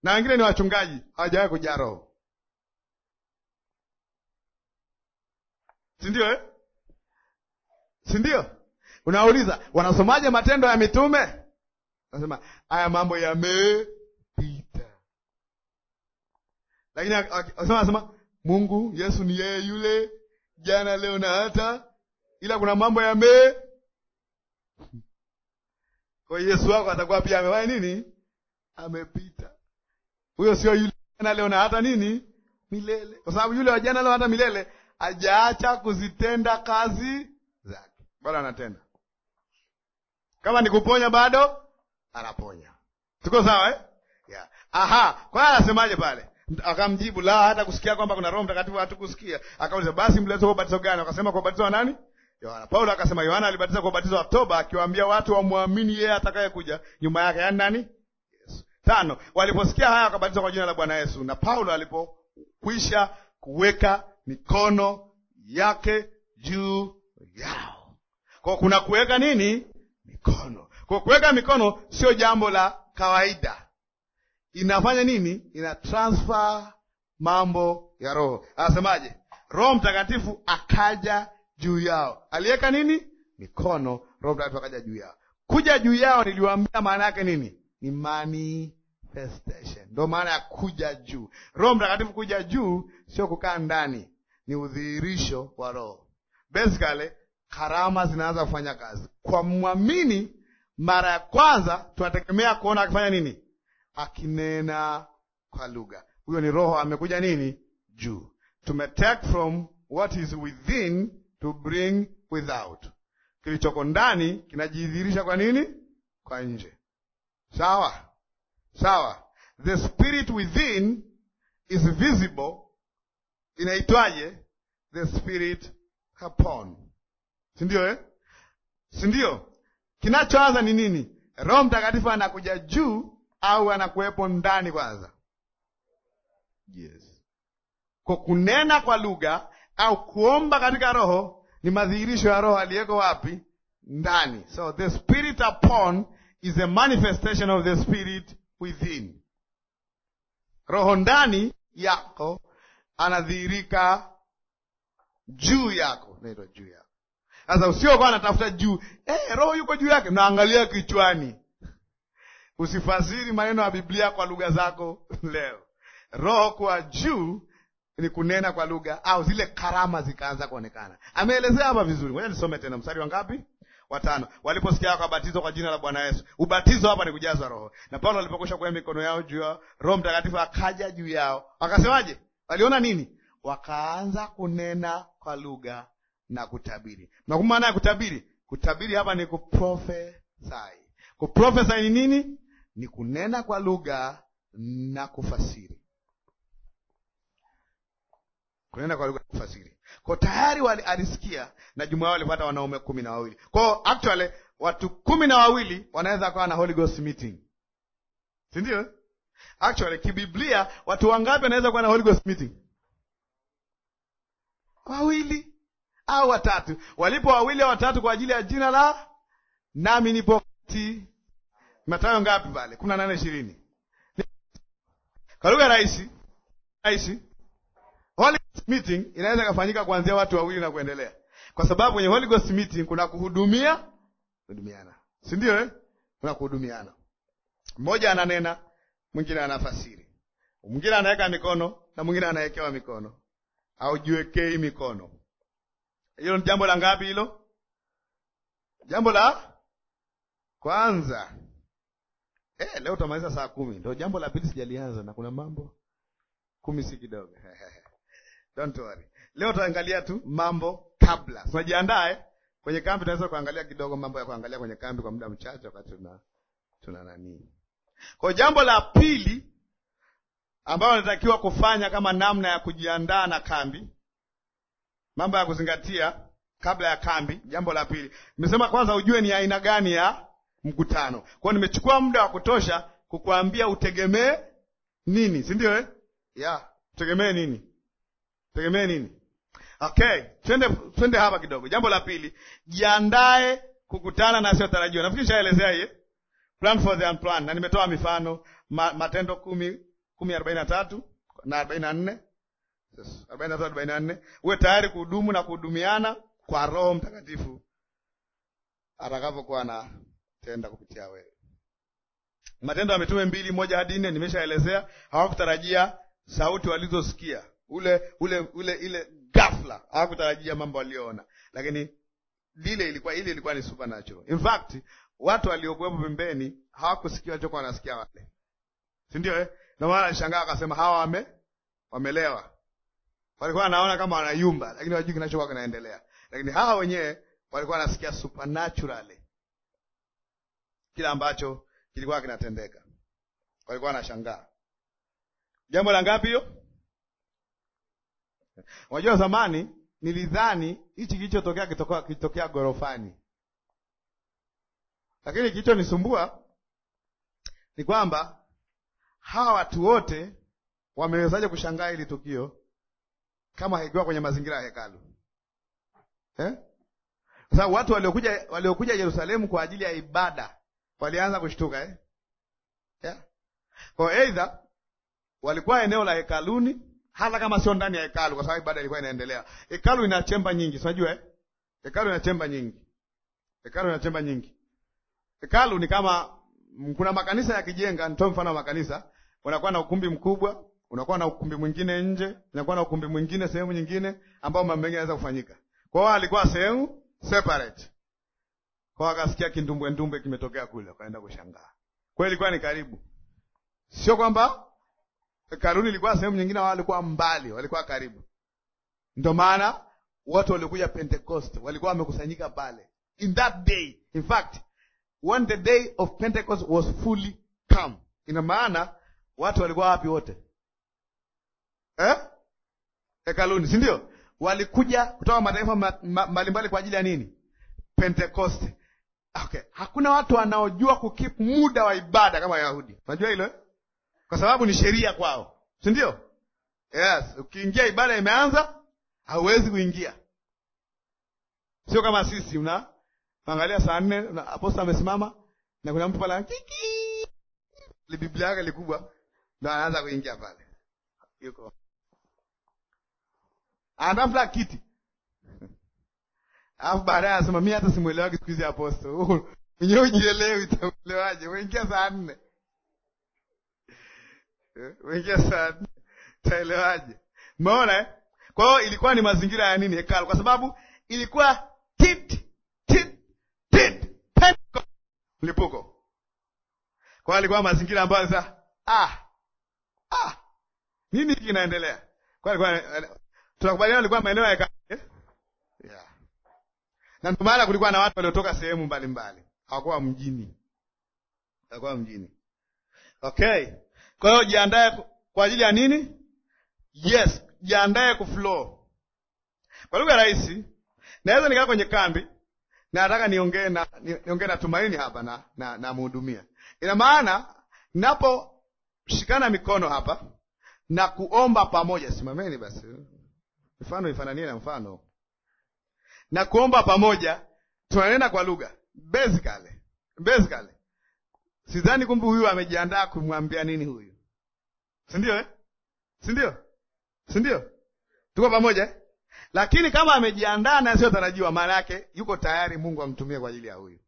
na wengine ni wachungaji hawajawahi kujaa Roho, si ndio eh? si ndio? Unauliza, wanasomaje Matendo ya Mitume? Anasema haya mambo yamepita, lakini anasema anasema Mungu Yesu ni yeye yule jana leo na hata, ila kuna mambo yame kwa Yesu wako atakuwa pia amewai nini, amepita. Huyo sio yule jana leo na hata nini milele, kwa sababu yule wa jana leo hata milele hajaacha kuzitenda kazi zake, bado anatenda. Kama nikuponya bado anaponya. Tuko sawa eh? Yeah. Aha, kwa nini anasemaje pale? Akamjibu, la hata kusikia kwamba kuna Roho Mtakatifu hatukusikia. Akauliza, basi mlezo ubatizo gani? Akasema kwa ubatizo wa nani? Yohana. Paulo akasema Yohana alibatiza kwa ubatizo wa toba, akiwaambia watu wamwamini yeye atakayekuja nyuma yake, yaani nani? Yesu. Tano, waliposikia haya wakabatizwa kwa jina la Bwana Yesu. Na Paulo alipokwisha kuweka mikono yake juu yao, kwa kuna kuweka nini mikono kwa kuweka mikono sio jambo la kawaida, inafanya nini? Ina transfer mambo ya roho. Anasemaje? Roho Mtakatifu akaja juu yao, aliweka nini? Mikono. Roho Mtakatifu akaja juu yao. Kuja juu yao, niliwaambia maana yake nini? Ni manifestation, ndo maana ya kuja juu. Roho Mtakatifu kuja juu sio kukaa ndani, ni udhihirisho wa Roho. Basically, karama zinaanza kufanya kazi kwa mwamini mara ya kwanza tunategemea kuona akifanya nini? Akinena kwa lugha. Huyo ni Roho amekuja nini juu. Tumetake from what is within to bring without. Kilichoko ndani kinajidhihirisha kwa nini? Kwa nje. Sawa sawa. The spirit within is visible. Inaitwaje? The spirit upon, si ndio eh? si ndio? Kinachoanza ni nini? Roho Mtakatifu anakuja juu au anakuwepo ndani kwanza? Yes. Kwa kunena kwa lugha au kuomba katika roho ni madhihirisho ya roho aliyeko wapi? Ndani. So the spirit upon is a manifestation of the spirit within. Roho ndani yako anadhihirika juu yako, naitwa juu yako. Sasa usio bana tafuta juu eh, roho yuko juu yake, naangalia kichwani. Usifasiri maneno ya Biblia kwa lugha zako <laughs> leo. Roho kwa juu ni kunena kwa lugha au zile karama zikaanza kuonekana. Ameelezea hapa vizuri, ngoja nisome tena mstari wa ngapi? Watano. Waliposikia wakabatizwa kwa jina la Bwana Yesu. Ubatizo hapa ni kujaza Roho, na Paulo alipokwisha kuweka mikono yao juu yao, Roho Mtakatifu akaja juu yao. Wakasemaje? Waliona nini? Wakaanza kunena kwa lugha na kutabiri. Mnakumbuka maana ya kutabiri? Kutabiri hapa ni kuprofesai. Kuprofesai ni nini? Ni kunena kwa lugha na kufasiri. Kunena kwa lugha na kufasiri. Kwa tayari wali alisikia na jumuiya walipata wanaume kumi na wawili. Kwa actually watu kumi na wawili wanaweza kuwa na Holy Ghost meeting. Si ndio? Actually kibiblia watu wangapi wanaweza kuwa na Holy Ghost meeting? Wawili au watatu, walipo wawili au watatu kwa ajili ya jina la nami nipo kati. Matayo ngapi pale? kumi na nane ishirini kwa lugha rahisi rahisi. Holy Ghost meeting inaweza ikafanyika kuanzia watu wawili na kuendelea, kwa sababu kwenye Holy Ghost meeting kuna kuhudumia kuhudumiana, si ndio eh? Kuna kuhudumiana, mmoja ananena, mwingine anafasiri, mwingine anaweka mikono na mwingine anawekewa mikono, au jiwekei mikono hilo ni jambo la ngapi hilo? Jambo la kwanza. Eh, leo utamaliza saa kumi. Ndio jambo la pili sijalianza na kuna mambo kumi si kidogo. <laughs> Don't worry. Leo tutaangalia tu mambo kabla. Tunajiandae eh? so, kwenye kambi tunaweza kuangalia kidogo mambo ya kuangalia kwenye kambi kwa muda mchache wakati tuna tuna nani. Kwa jambo la pili ambalo natakiwa kufanya kama namna ya kujiandaa na kambi mambo ya kuzingatia kabla ya kambi. Jambo la pili, nimesema kwanza ujue ni aina gani ya mkutano. Kwa hiyo nimechukua muda wa kutosha kukuambia utegemee nini, si ndio eh? Yeah, utegemee nini, utegemee nini? Okay, twende twende hapa kidogo. Jambo la pili, jiandae kukutana na asiyotarajiwa. Nafikiri shaelezea hii plan for the unplanned, na nimetoa mifano Matendo kumi kumi arobaini na tatu na arobaini na nne arobaini na tatu arobaini na nne uwe tayari kuhudumu na kuhudumiana kwa Roho Mtakatifu atakavyokuwa anatenda kupitia wewe. Matendo ya Mitume mbili moja hadi nne nimeshaelezea. Hawakutarajia sauti walizosikia ule ule ule ile ghafla, hawakutarajia mambo waliyoona, lakini lile ilikuwa ile ilikuwa ni supernatural. In fact watu waliokuwepo pembeni hawakusikia walichokuwa wanasikia wale, si ndio? Eh, ndio maana alishangaa akasema hawa wame wamelewa walikuwa wanaona kama wanayumba, lakini wajui kinachokuwa kinaendelea. Lakini hawa wenyewe walikuwa wanasikia supernaturally kila ambacho kilikuwa kinatendeka, walikuwa wanashangaa. Jambo la ngapi hiyo? Unajua, zamani nilidhani hichi kilichotokea kitokea gorofani, lakini kilichonisumbua ni kwamba hawa watu wote wamewezaje kushangaa hili tukio kama haikiwa kwenye mazingira ya hekalu eh? Sasa watu waliokuja waliokuja Yerusalemu kwa ajili ya ibada walianza kushtuka eh? yeah. Kwa aidha walikuwa eneo la hekaluni, hata kama sio ndani ya hekalu, kwa sababu ibada ilikuwa inaendelea. Hekalu ina chemba nyingi, unajua eh? Hekalu ina chemba nyingi, hekalu ina chemba nyingi. Hekalu ni kama kuna makanisa yakijenga, nitoe mfano wa makanisa, unakuwa na ukumbi mkubwa unakuwa na ukumbi mwingine nje, unakuwa na ukumbi mwingine sehemu nyingine, ambao mambo mengi yanaweza kufanyika. Kwa hiyo alikuwa sehemu separate, kwa akasikia kindumbwe ndumbwe kimetokea kule, akaenda kushangaa. Kwa hiyo ilikuwa ni karibu, sio kwamba Karuni ilikuwa sehemu nyingine, wao walikuwa mbali, walikuwa karibu. Ndio maana watu walikuja Pentecost walikuwa wamekusanyika pale in that day. In fact when the day of Pentecost was fully come, ina maana watu walikuwa wapi wote eh? Hekaluni, si ndio? Walikuja kutoka mataifa mbalimbali ma, ma, kwa ajili ya nini? Pentekoste. Okay, hakuna watu wanaojua kukip muda wa ibada kama Wayahudi. Unajua hilo eh? Kwa sababu ni sheria kwao, si ndio? Yes, ukiingia ibada imeanza, hauwezi kuingia. Sio kama sisi, una angalia saa nne aposta amesimama na kuna mtu pale kiki, Biblia yake likubwa, ndo anaanza kuingia pale, yuko anatafuta kiti alafu baadaye anasema mi hata simwelewaki siku hizi aposto enyewe ujielewi, itaelewaje? Unaingia saa nne, unaingia saa nne, taelewaje Umeona eh? Kwa hiyo ilikuwa ni mazingira ya nini? Hekalu, kwa sababu ilikuwa tit tit tit mlipuko. Kwa hiyo ilikuwa mazingira ambayo sasa ah ah, nini kinaendelea? Kwa hiyo tunakubaliana ulikuwa maeneo ya kale eh? yeah. na ndio maana kulikuwa na watu waliotoka sehemu mbalimbali, hawakuwa mjini, hawakuwa mjini. Okay, kwa hiyo jiandae kwa ajili ya nini? Yes, jiandae kuflow. Kwa lugha rahisi, naweza nikaa kwenye kambi na nataka niongee na niongee na Tumaini hapa na na na muhudumia. Ina maana naposhikana mikono hapa na kuomba pamoja, simameni basi mfano ifananie na mfano na kuomba pamoja, tunanena kwa lugha basically. Basically sidhani kumbe huyu amejiandaa kumwambia nini huyu, si ndio eh? si ndio, si ndio? Tuko pamoja eh? Lakini kama amejiandaa na sio tarajiwa, maana yake yuko tayari Mungu amtumie kwa ajili ya huyu.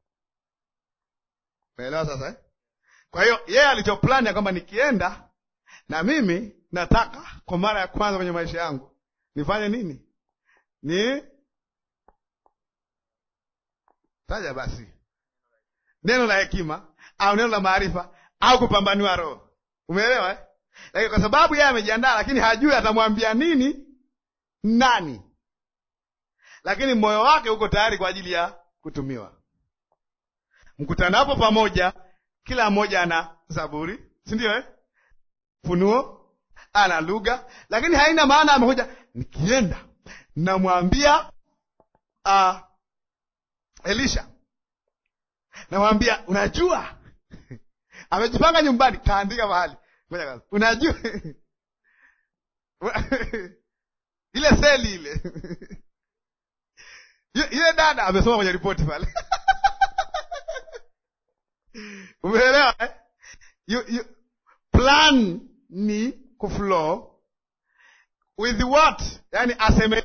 Umeelewa sasa eh? Kwa hiyo yeye yeah, alichoplani ya kwamba nikienda na mimi nataka kwa mara ya kwanza kwenye maisha yangu nifanye nini? ni taja basi neno la hekima au neno la maarifa au kupambanua roho. Umeelewa eh? Lakini kwa sababu yeye amejiandaa, lakini hajui atamwambia nini nani, lakini moyo wake uko tayari kwa ajili ya kutumiwa. Mkutanapo pamoja, kila mmoja ana zaburi, si ndio eh? Funuo, ana lugha, lakini haina maana amekuja Nikienda namwambia uh, Elisha, namwambia unajua <laughs> amejipanga nyumbani, kaandika mahali ngoja kwanza, unajua <laughs> ile seli ile ile <laughs> dada amesoma kwenye ripoti pale umeelewa eh? plan ni kuflow with what, yani aseme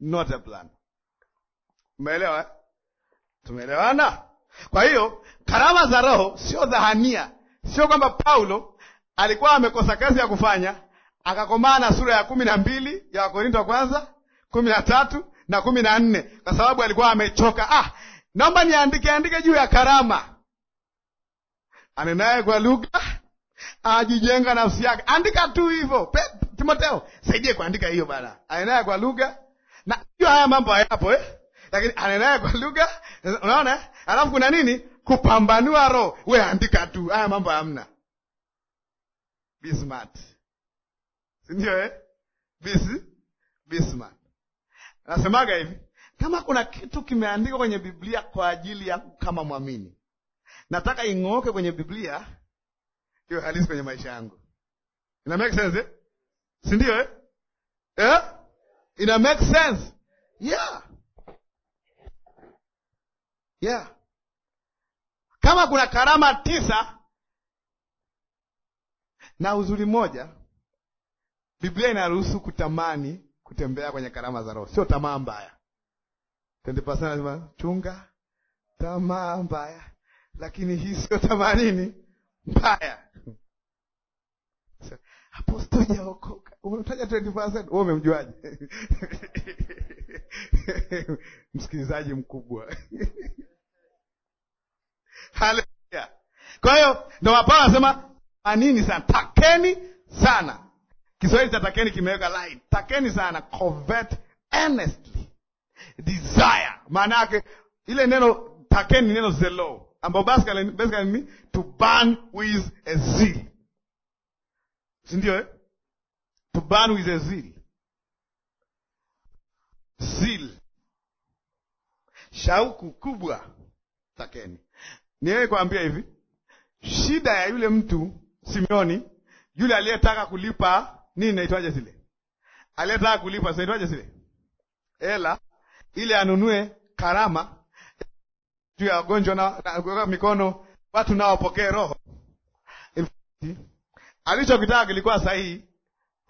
not a plan. Umeelewa eh? Tumeelewana. Kwa hiyo karama za Roho sio dhahania, sio kwamba Paulo alikuwa amekosa kazi ya kufanya akakomaa na sura ya kumi na mbili ya Wakorinto wa kwanza kumi na tatu na kumi na nne kwa sababu alikuwa amechoka. Ah, naomba niandike andike juu ya karama, anenaye kwa lugha ajijenga nafsi yake. Andika tu hivyo pep Timoteo, saidie kuandika hiyo bana. Anenaye kwa lugha na hiyo, haya mambo hayapo eh? Lakini anenaye kwa lugha, unaona. Alafu kuna nini? Kupambanua roho. We andika tu, haya mambo hamna. Be smart, si ndio eh? Be, be smart. Nasemaga hivi kama kuna kitu kimeandikwa kwenye Biblia kwa ajili ya kama mwamini, nataka ing'oke kwenye Biblia hiyo halisi kwenye maisha yangu. Ina make sense eh? si ndio eh? Eh? ina make sense yeah yeah kama kuna karama tisa na uzuri moja Biblia inaruhusu kutamani kutembea kwenye karama za Roho, sio tamaa mbaya. Tendepasana chunga tamaa mbaya, lakini hii sio tamaa nini mbaya. <laughs> Apostoli haokoka umemtaja 20% wewe umemjuaje? <laughs> msikilizaji mkubwa <laughs> haleluya. Kwa hiyo ndo Paulo anasema manini sana, takeni sana. Kiswahili cha takeni kimeweka line, takeni sana, covet earnestly desire. Maana yake ile neno takeni ni neno zelo, ambayo basically ni to burn with a zeal, si ndio eh? To burn with a zeal. Zeal. Shauku kubwa takeni. Niwewe kuambia hivi, shida ya yule mtu Simeoni, yule aliyetaka kulipa nini, naitwaje zile, aliyetaka kulipa zinaitwaje zile ela ile anunue karama juu ya wagonjwa na kuweka mikono watu nao wapokee roho. Alichokitaka kilikuwa sahihi,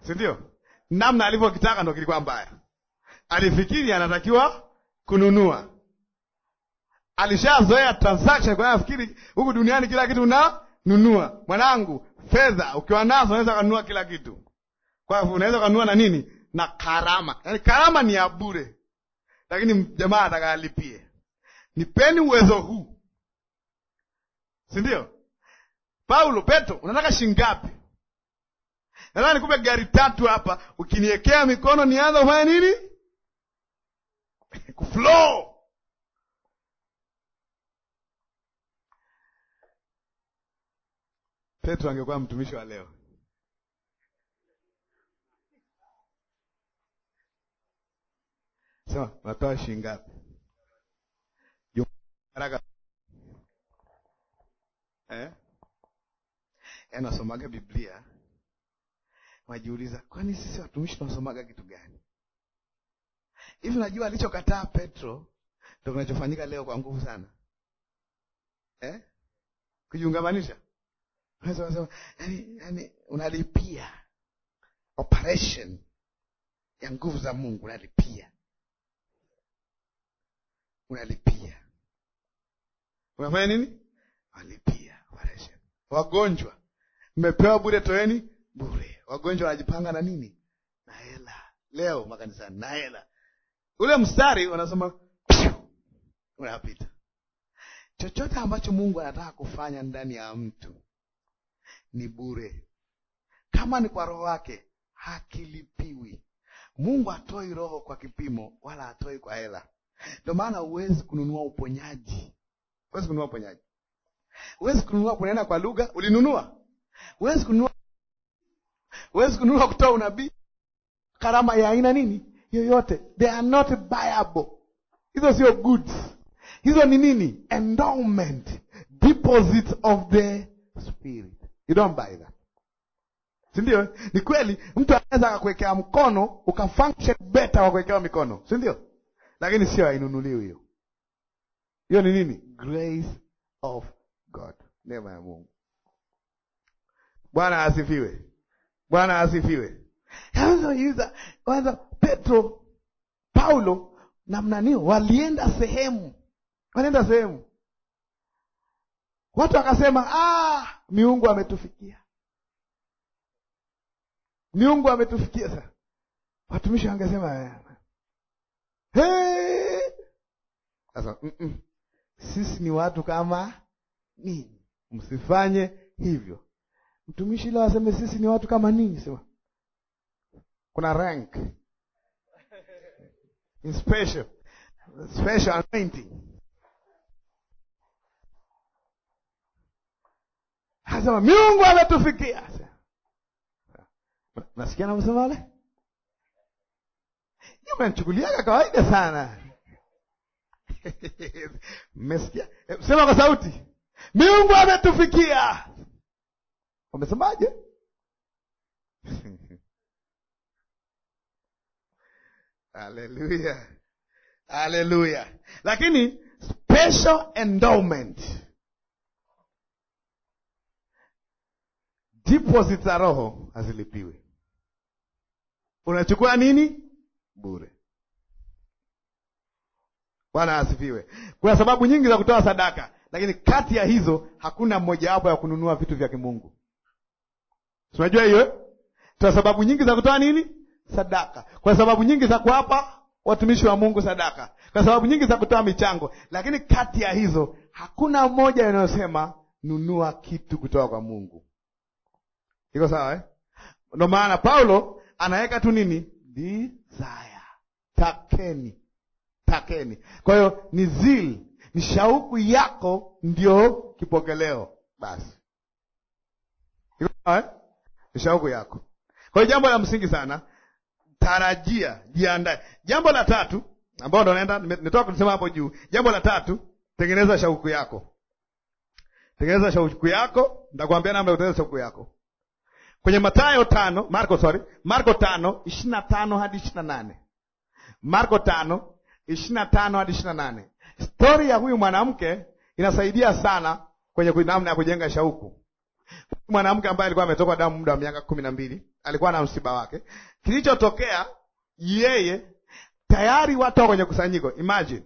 si ndio? Namna alivyokitaka ndo kilikuwa mbaya. Alifikiri anatakiwa kununua, alishazoea transaction, kwa nafikiri huku duniani kila kitu unanunua. Mwanangu, fedha ukiwa nazo unaweza kununua kila kitu, kwa hivyo unaweza kununua na nini na karama. Yaani karama ni ya bure, lakini jamaa atakayalipie. Nipeni uwezo huu, si ndio? Paulo, Petro, unataka shingapi? Nadhani kumbe gari tatu hapa, ukiniwekea mikono nianza kufanya nini? <laughs> Kuflow. Petro angekuwa mtumishi wa leo. Sema, natoa shilingi ngapi? Haraka. Eh? Anasomaga eh, Biblia Wajiuliza, kwani sisi watumishi tunasomaga kitu gani? Hivi najua alichokataa Petro ndo kinachofanyika leo kwa nguvu sana eh? Kujiungamanisha unasema, yani, yani unalipia operation ya nguvu za Mungu, unalipia unalipia unafanya nini? Unalipia operation. Wagonjwa mmepewa bure, toeni bure wagonjwa wanajipanga na nini? Na hela. Leo makanisani na hela, ule mstari unasema unapita. Chochote ambacho Mungu anataka kufanya ndani ya mtu ni bure, kama ni kwa roho wake hakilipiwi. Mungu atoi roho kwa kipimo, wala hatoi kwa hela. Ndio maana huwezi kununua uponyaji, huwezi kununua uponyaji, huwezi kununua kunena kwa lugha. Ulinunua? huwezi kununua huwezi kununua kutoa unabii karama ya aina nini yoyote, they are not buyable. Hizo sio goods, hizo ni nini? Endowment, deposit of the spirit. You don't buy that, si ndio? Ni kweli, mtu anaweza akakuwekea mkono ukafunction better kwa kuwekewa mikono, si ndio? Lakini sio, ainunuliwi hiyo. Hiyo ni nini? Grace of God, neema ya Mungu. Bwana asifiwe. Bwana asifiwe. Nauliza kwanza, Petro, Paulo na mnanio walienda sehemu, walienda sehemu, watu wakasema, ah, miungu ametufikia, miungu ametufikia. Sasa watumishi wangesema Sasa mm -mm. Sisi ni watu kama nini, msifanye hivyo. Mtumishi leo aseme sisi ni watu kama nini sema kuna rank in special special anointing. Asema miungu ametufikia. Nasikia namsema wale mnanichukuliaga kawaida sana <laughs> mmesikia? Sema kwa sauti, miungu ametufikia. Wamesemaje? <laughs> Haleluya, haleluya. Lakini special endowment, deposit za roho hazilipiwi. Unachukua nini bure. Bwana asifiwe. Kuna sababu nyingi za kutoa sadaka, lakini kati ya hizo hakuna mmojawapo ya kununua vitu vya kimungu. Unajua hiyo? Tuna sababu nyingi za kutoa nini? Sadaka. Kwa sababu nyingi za kuwapa watumishi wa Mungu sadaka. Kwa sababu nyingi za kutoa michango. Lakini kati ya hizo hakuna moja inayosema nunua kitu kutoka kwa Mungu. Iko sawa eh? Ndio maana Paulo anaweka tu nini? Desire. Takeni. Takeni. Kwa hiyo ni zeal, ni shauku yako ndio kipokeleo basi. Iko sawa eh? ni shauku yako. Kwa hiyo jambo la msingi sana, tarajia, jiandae. Jambo la tatu ambao ndo naenda nitoka kusema hapo juu, jambo la tatu, tengeneza shauku yako. Tengeneza shauku yako, nitakwambia namna ya kutengeneza shauku yako kwenye Mathayo tano, Marko sorry, Marko tano ishirini na tano hadi ishirini na nane Marko tano ishirini na tano hadi ishirini na nane Stori ya huyu mwanamke inasaidia sana kwenye namna ya kujenga shauku mwanamke ambaye alikuwa ametokwa damu muda wa miaka kumi na mbili alikuwa na msiba wake. Kilichotokea yeye tayari watu kwenye kusanyiko, imagine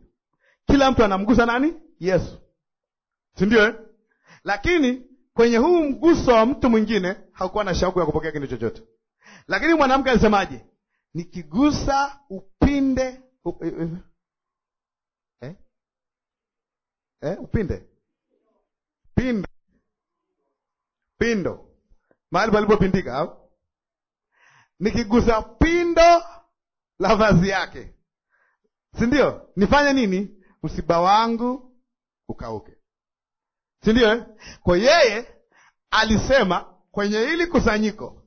kila mtu anamgusa nani? Yesu, si ndio eh? Lakini kwenye huu mguso wa mtu mwingine hakuwa na shauku ya kupokea kitu chochote, lakini mwanamke alisemaje? Nikigusa upinde up, eh? Eh, upinde pinde pindo, mahali palipopindika au nikigusa pindo la vazi yake, si ndio? Nifanye nini? Msiba wangu ukauke, si ndio eh? Kwa yeye alisema kwenye hili kusanyiko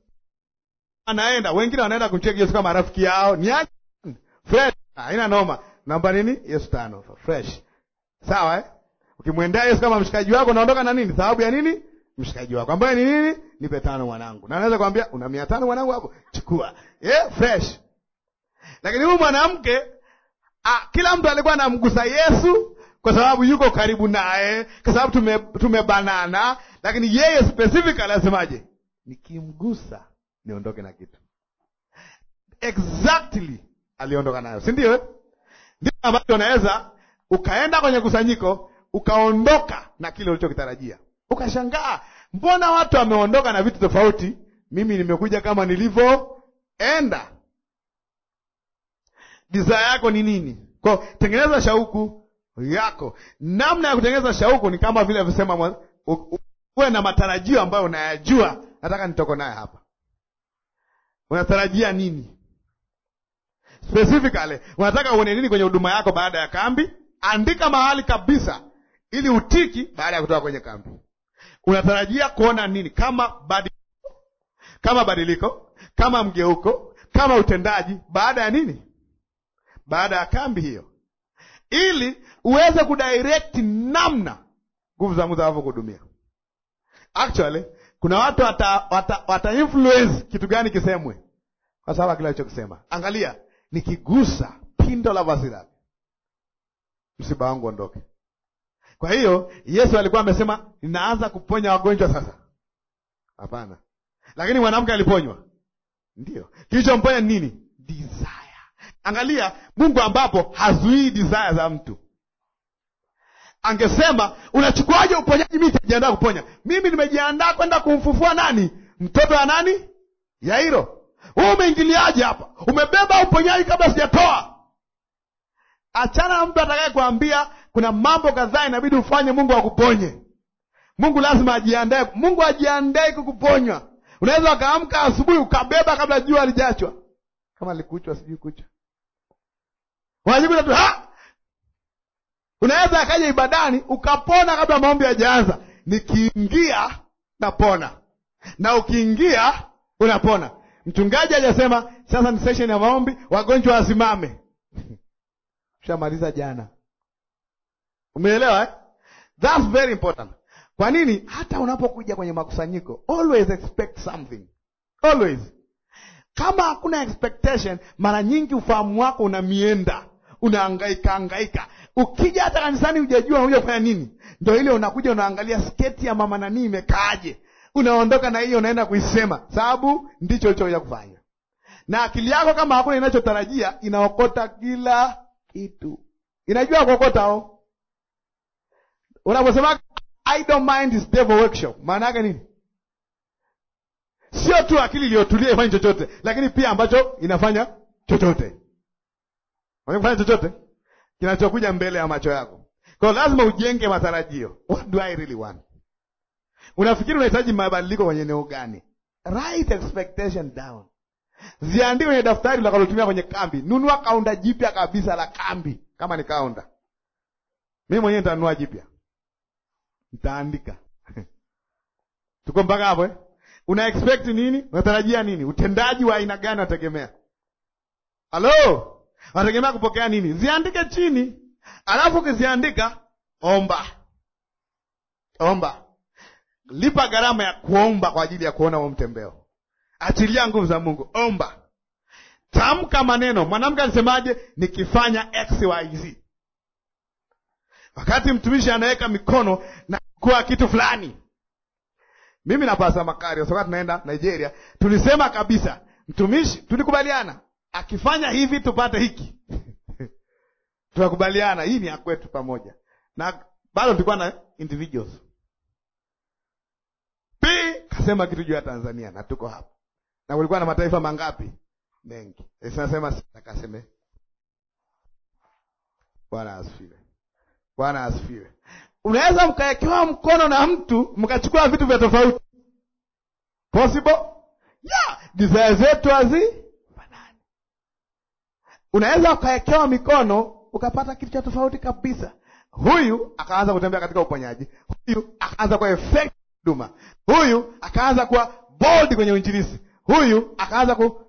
anaenda, wengine wanaenda kumcheki Yesu kama rafiki yao, ni fresh, haina noma. Namba nini? Yesu tano, fresh, sawa eh? Ukimwendea Yesu kama mshikaji wako, unaondoka na nini? Sababu ya nini? mshikaji wako ambaye ni nini, nipe tano mwanangu, na anaweza kumwambia una mia tano mwanangu hapo, chukua yeah, fresh. Lakini huyu mwanamke kila mtu alikuwa anamgusa Yesu kwa sababu yuko karibu naye, kwa sababu tume, tumebanana. Lakini yeye specific anasemaje? Nikimgusa niondoke na kitu exactly aliondoka nayo, si ndio? Eh? Ndio ambacho unaweza ukaenda kwenye kusanyiko ukaondoka na kile ulichokitarajia. Ukashangaa, mbona watu wameondoka na vitu tofauti, mimi nimekuja kama nilivyoenda. Desire yako ni nini? Kwa tengeneza shauku yako. Namna ya kutengeneza shauku ni kama vile alivyosema, uwe na matarajio ambayo unayajua, nataka nitoko naye hapa. Unatarajia nini specifically? Unataka uone nini kwenye huduma yako baada ya kambi? Andika mahali kabisa, ili utiki baada ya kutoka kwenye kambi unatarajia kuona nini? Kama badiliko, kama badiliko, kama mgeuko, kama utendaji, baada ya nini? Baada ya kambi hiyo, ili uweze kudirect namna nguvu za Mungu zinavyokuhudumia. Actually kuna watu wata, wata, wata influence kitu gani kisemwe, kwa sababu kile alichokisema. Angalia, nikigusa pindo la vazi lake msiba wangu ondoke. Kwa hiyo Yesu alikuwa amesema ninaanza kuponya wagonjwa sasa? Hapana, lakini mwanamke aliponywa, ndio kilichomponya nini? Desire. Angalia Mungu ambapo hazuii desire za mtu. Angesema unachukuaje uponyaji? Mimi sijajiandaa kuponya, mimi nimejiandaa kwenda kumfufua nani? Mtoto wa nani? Yairo. Huu umeingiliaje hapa? Umebeba uponyaji kabla sijatoa. Achana na mtu atakaye kuambia kuna mambo kadhaa inabidi ufanye Mungu akuponye. Mungu lazima ajiandae. Mungu ajiandae kukuponywa. Unaweza ukaamka asubuhi ukabeba kabla jua lijachwa, Kama likuchwa sijui kucha, Wajibu tu Unaweza akaja ibadani ukapona kabla maombi hajaanza. Nikiingia napona. Na ukiingia unapona. Mchungaji hajasema sasa ni session ya maombi, wagonjwa wasimame. <laughs> ushamaliza jana. Umeelewa eh? That's very important. Kwa nini? Hata unapokuja kwenye makusanyiko always expect something, always. Kama hakuna expectation, mara nyingi ufahamu wako unamienda, unahangaika hangaika. Ukija hata kanisani hujajua unakuja kufanya nini, ndio ile unakuja unaangalia sketi ya mama nani imekaaje, unaondoka na hiyo unaenda kuisema, sababu ndicho ulichokuja kufanya. Na akili yako kama hakuna inachotarajia, inaokota kila kitu, inajua kuokota au? Oh. Unaposema I don't mind is devil workshop, maana yake nini? Sio tu akili iliyotulia ifanye chochote, lakini pia ambacho inafanya chochote, unafanya chochote kinachokuja mbele ya macho yako. Kwa hiyo lazima ujenge matarajio. What do I really want? Unafikiri unahitaji mabadiliko kwenye eneo gani? Write expectation down, ziandike kwenye daftari utakalotumia kwenye kambi. Nunua kaunda jipya kabisa la kambi, kama ni kaunda. Mimi mwenyewe nitanunua jipya nitaandika. Tuko mpaka hapo eh? Una expect nini? Unatarajia nini? Utendaji wa aina gani unategemea? Halo? Unategemea kupokea nini? Ziandike chini, alafu ukiziandika omba. Omba. Lipa gharama ya kuomba kwa ajili ya kuona huo mtembeo. Achilia nguvu za Mungu. Omba. Tamka maneno. Mwanamke alisemaje? Nikifanya x y z. Wakati mtumishi anaweka mikono na kuwa kitu fulani, mimi napasa makari Makaria tunaenda Nigeria, tulisema kabisa mtumishi, tulikubaliana akifanya hivi tupate hiki <laughs> tunakubaliana, hii ni ya kwetu pamoja, na bado tulikuwa na individuals p kasema kitu juu ya Tanzania na tuko hapa na kulikuwa na mataifa mangapi mengi, sinasema nakaseme. Bwana asifiwe. Bwana asifiwe. Unaweza mkawekewa mkono na mtu mkachukua vitu vya tofauti, possible yeah. Desire zetu fanani Unaweza ukawekewa mikono ukapata kitu cha tofauti kabisa. Huyu akaanza kutembea katika uponyaji, huyu akaanza kwa effect huduma, huyu akaanza kwa bold kwenye uinjilisi, huyu akaanza ku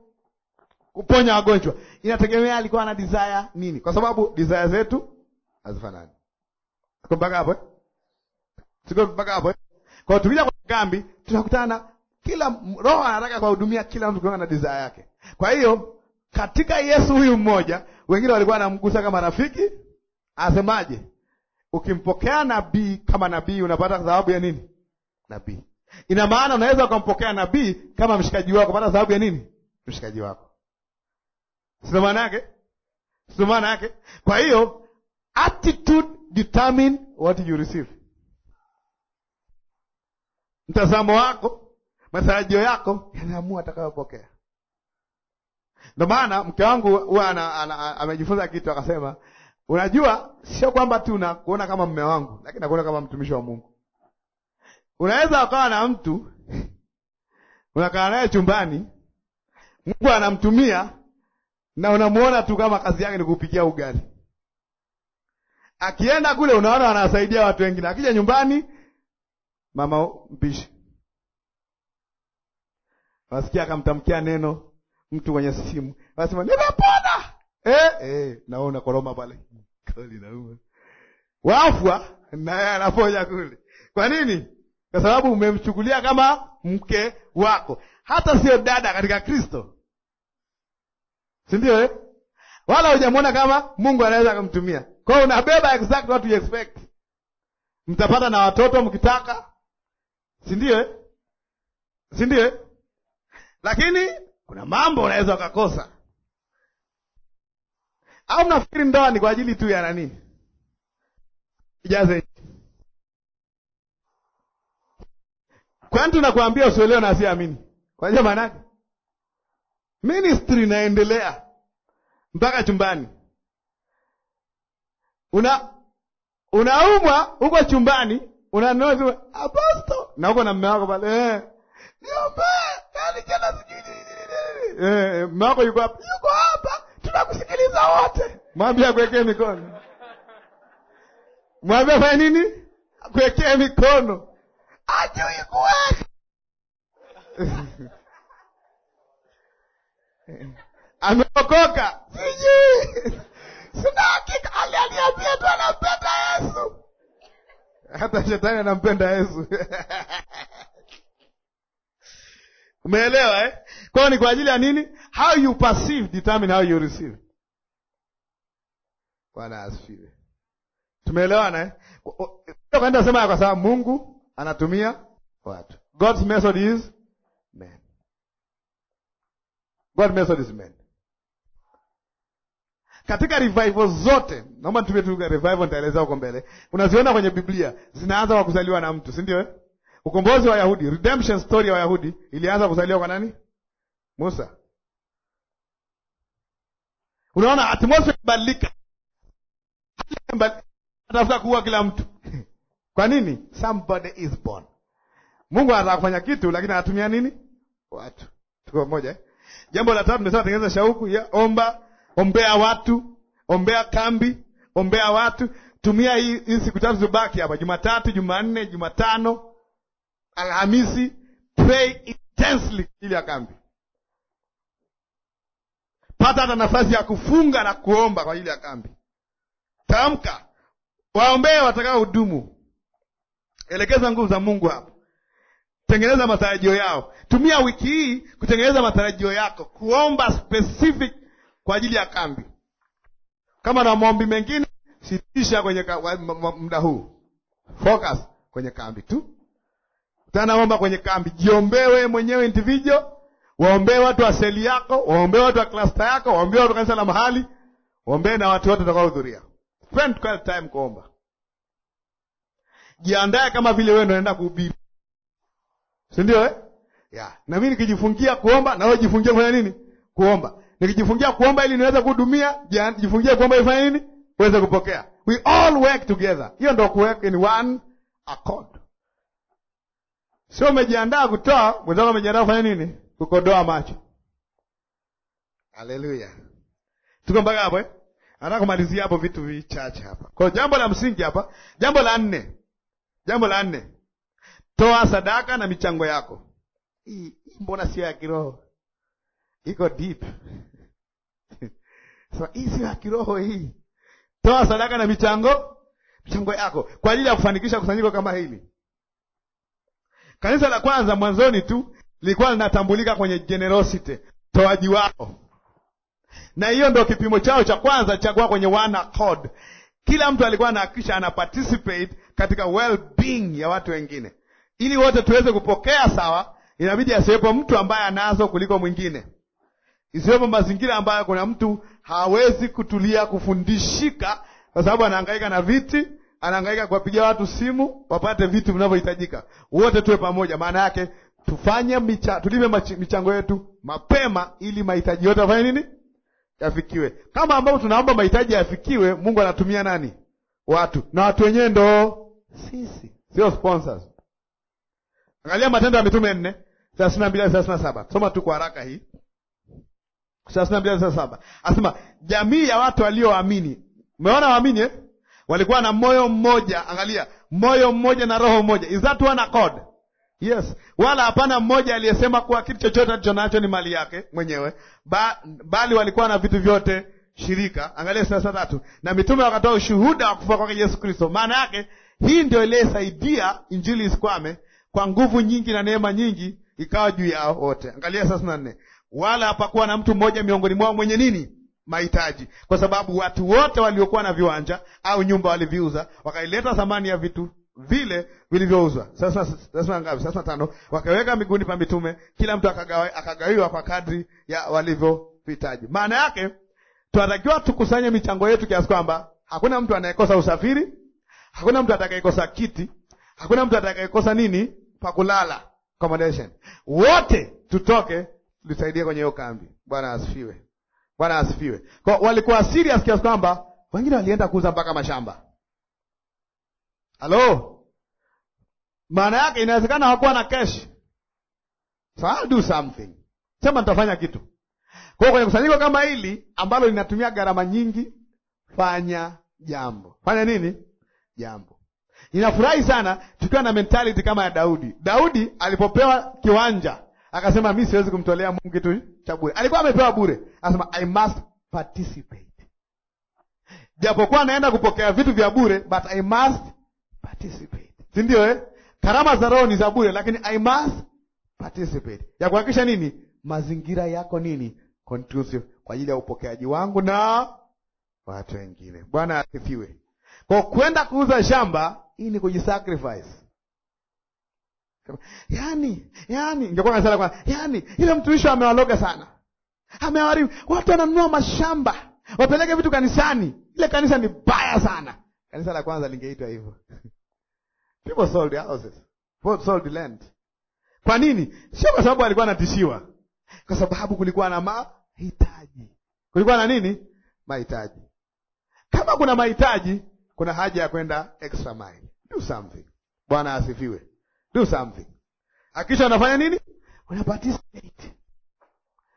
kuponya wagonjwa. Inategemea alikuwa ana desire nini, kwa sababu desire zetu hazifanani. Tuko mpaka hapo? Eh? Tuko mpaka hapo? Eh? Kwa tukija kwa kambi tunakutana kila roho anataka kuhudumia kila mtu kulingana na desire yake. Kwa hiyo katika Yesu huyu mmoja, wengine walikuwa wanamgusa kama rafiki, asemaje? Ukimpokea nabii kama nabii unapata thawabu ya nini? Nabii. Ina maana unaweza ukampokea nabii kama mshikaji wako, unapata thawabu ya nini? Mshikaji wako. Sio maana yake? Sio maana yake? Kwa hiyo attitude determine what you receive. Mtazamo wako, matarajio yako yanaamua atakayopokea. Ndio maana mke wangu huwa amejifunza kitu akasema, unajua sio kwamba tu nakuona kama mme wangu, lakini nakuona kama mtumishi wa Mungu. Unaweza ukawa na mtu unakaa naye chumbani, Mungu anamtumia na unamuona tu kama kazi yake ni kupikia ugali Akienda kule unaona wanawasaidia watu wengine, akija nyumbani mama mpishi wasikia akamtamkia neno mtu kwenye simu, anasema nimepona. Eh, eh, naona koroma pale kali nauma wafwa, naye anapoja kule. Kwa nini? Kwa sababu umemchukulia kama mke wako, hata sio dada katika Kristo, si ndio eh? Wala hujamwona kama Mungu anaweza akamtumia kwa hiyo unabeba exact what you expect. Mtapata na watoto mkitaka, si ndio? Eh? Si ndio? Eh? Lakini kuna mambo unaweza ukakosa. Au mnafikiri ndoa ni kwa ajili tu ya nani? Ijaze. Kwani tunakuambia usielewe na asiamini. Kwa hiyo maana ministry inaendelea mpaka chumbani una unaumwa huko chumbani, unanoa aposto na huko na mume wako pale eh, niombe yani jana sijui eh, mume wako yuko hapa, yuko hapa, tunakusikiliza wote. Mwambie akuwekee mikono, mwambie fanya nini, akuwekee mikono, ajui kuweka <laughs> ameokoka sijui sina hakika alianiambia tu anampenda yesu hata shetani anampenda yesu <laughs> umeelewa eh? kwao ni kwa ajili ya nini how you perceive determine how you receive bwana asifiwe tumeelewana eh? kaenda sema kwa sababu mungu anatumia watu god's method is men. god's method is men katika revival zote, naomba nitumie tu revival, nitaelezea huko mbele, unaziona kwenye Biblia zinaanza kwa kuzaliwa na mtu, si ndio? Eh, Ukombozi wa Wayahudi, redemption story ya Wayahudi ilianza kuzaliwa kwa nani? Musa. Unaona atmosphere ibadilika, anatafuta kuua kila mtu <laughs> kwa nini? Somebody is born. Mungu anataka kufanya kitu, lakini anatumia nini? Watu. Tuko moja eh? Jambo la tatu nimesema tengeneza shauku ya omba Ombea watu, ombea kambi, ombea watu. Tumia hii siku tatu zobaki hapa, Jumatatu, Jumanne, Jumatano, Alhamisi. Pray intensely ili ya kambi. Pata hata nafasi ya kufunga na kuomba kwa ajili ya kambi. Tamka, waombee watakao hudumu. Elekeza nguvu za Mungu hapo. Tengeneza matarajio yao. Tumia wiki hii kutengeneza matarajio yako, kuomba specific kwa ajili ya kambi. Kama na maombi mengine, sitisha kwenye muda huu, focus kwenye kambi tu. Utanaomba kwenye kambi, jiombewe mwenyewe individual, waombee watu wa seli yako, waombee watu wa cluster yako, waombee watu kanisa la mahali, waombee na watu wote watakaohudhuria. Spend time kuomba. Jiandae kama vile wewe unaenda kuhubiri, si ndio eh? Ya, na mimi nikijifungia kuomba, na wewe jifungie kufanya nini? Kuomba nikijifungia kuomba ili niweze kuhudumia, jifungie kuomba ifanye nini, uweze kupokea. We all work together. Hiyo ndio kuwork in one accord. Sio umejiandaa kutoa, mwenzako amejiandaa kufanya nini? Kukodoa macho. Haleluya, tuko mpaka hapo eh? Anataka kumalizia hapo vitu vichache hapa. Kwa jambo la msingi hapa, jambo la nne, jambo la nne, toa sadaka na michango yako. Hii mbona sio ya kiroho? Iko deep sasa hizi ya kiroho hii, toa sadaka na michango michango yako kwa ajili ya kufanikisha kusanyiko kama hili. Kanisa la kwanza mwanzoni tu lilikuwa linatambulika kwenye generosity, toaji wao, na hiyo ndio kipimo chao cha kwanza cha kuwa kwenye one accord. Kila mtu alikuwa anahakikisha ana participate katika well being ya watu wengine, ili wote tuweze kupokea sawa. Inabidi asiwepo mtu ambaye anazo kuliko mwingine, isiwepo mazingira ambayo kuna mtu hawezi kutulia kufundishika, kwa sababu anahangaika na viti, anahangaika kuwapigia watu simu wapate vitu vinavyohitajika. Wote tuwe pamoja, maana yake tufanye micha, tulime michango yetu mapema, ili mahitaji yote afanye nini, yafikiwe. Kama ambavyo tunaomba mahitaji yafikiwe, Mungu anatumia nani? Watu, na watu wenyewe ndo sisi, sio sponsors. Angalia Matendo ya Mitume nne thelathini na mbili thelathini na saba. Soma tu kwa haraka hii saba jamii ya watu walioamini. Umeona waamini eh? walikuwa na moyo mmoja, angalia, moyo mmoja na roho mmoja Is that one accord? Yes, wala hapana mmoja aliyesema kuwa kitu chochote alicho nacho ni mali yake mwenyewe ba, bali walikuwa na vitu vyote shirika. Angalia sasa na tatu, na mitume wakatoa ushuhuda wa kufa kwake Yesu Kristo. Maana yake hii ndio iliyesaidia injili isikwame, kwa nguvu nyingi na neema nyingi ikawa juu yao wote. Angalia sasa na nne, wala hapakuwa na mtu mmoja miongoni mwao mwenye nini mahitaji, kwa sababu watu wote waliokuwa na viwanja au nyumba waliviuza, wakaileta thamani ya vitu vile vilivyouzwa. Sasa ngapi? Sasa tano. Wakaweka miguuni pa mitume, kila mtu akagawa, akagawiwa kwa kadri ya walivyohitaji. Maana yake tunatakiwa tukusanye michango yetu kiasi kwamba hakuna mtu anayekosa usafiri, hakuna mtu atakayekosa kiti, hakuna mtu atakayekosa nini kulala, accommodation. Wote tutoke tulisaidia kwenye hiyo kambi. Bwana asifiwe, Bwana asifiwe. Kwa walikuwa serious kiasi kwamba wengine walienda kuuza mpaka mashamba. Halo, maana yake inawezekana hawakuwa na cash, so I'll do something, sema nitafanya kitu. Kwa hiyo kwenye kusanyiko kama hili ambalo linatumia gharama nyingi, fanya jambo. Fanya nini? Jambo. Ninafurahi sana tukiwa na mentality kama ya Daudi. Daudi alipopewa kiwanja akasema mi siwezi kumtolea Mungu kitu cha bure. Alikuwa amepewa bure, akasema I must participate, japokuwa anaenda kupokea vitu vya bure, but I must participate, si ndio eh? Karama za Roho ni za bure, lakini I must participate, ya kuhakikisha nini, mazingira yako nini conducive kwa ajili ya upokeaji wangu na watu wengine. Bwana asifiwe. Kwa kwenda kuuza shamba, hii ni kujisacrifice yani yani, ningekuwa kanisa kwa kwanza, yani ile mtumishi amewaloga sana, amewaribu watu, wananunua mashamba wapeleke vitu kanisani. Ile kanisa ni baya sana. Kanisa la kwanza lingeitwa hivyo <laughs> people sold houses, people sold land. Kwa nini? Sio kwa sababu alikuwa anatishiwa, kwa sababu kulikuwa na mahitaji. Kulikuwa na nini? Mahitaji. Kama kuna mahitaji, kuna haja ya kwenda extra mile, do something. Bwana asifiwe do something. Akisha anafanya nini? Una participate.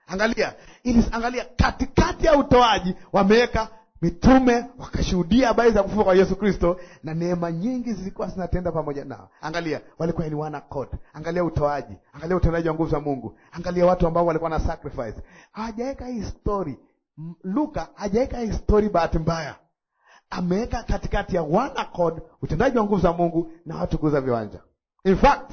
Angalia, ili angalia katikati ya utoaji wameweka mitume wakashuhudia habari za kufufuka kwa Yesu Kristo, na neema nyingi zilikuwa zinatenda pamoja nao. Angalia, walikuwa ni wana court. Angalia utoaji, angalia utendaji wa nguvu za Mungu, angalia watu ambao walikuwa na sacrifice. Hajaweka hii story, Luka hajaweka hii story bahati mbaya, ameweka katikati ya wana code utendaji wa nguvu za Mungu na watu kuuza viwanja. In fact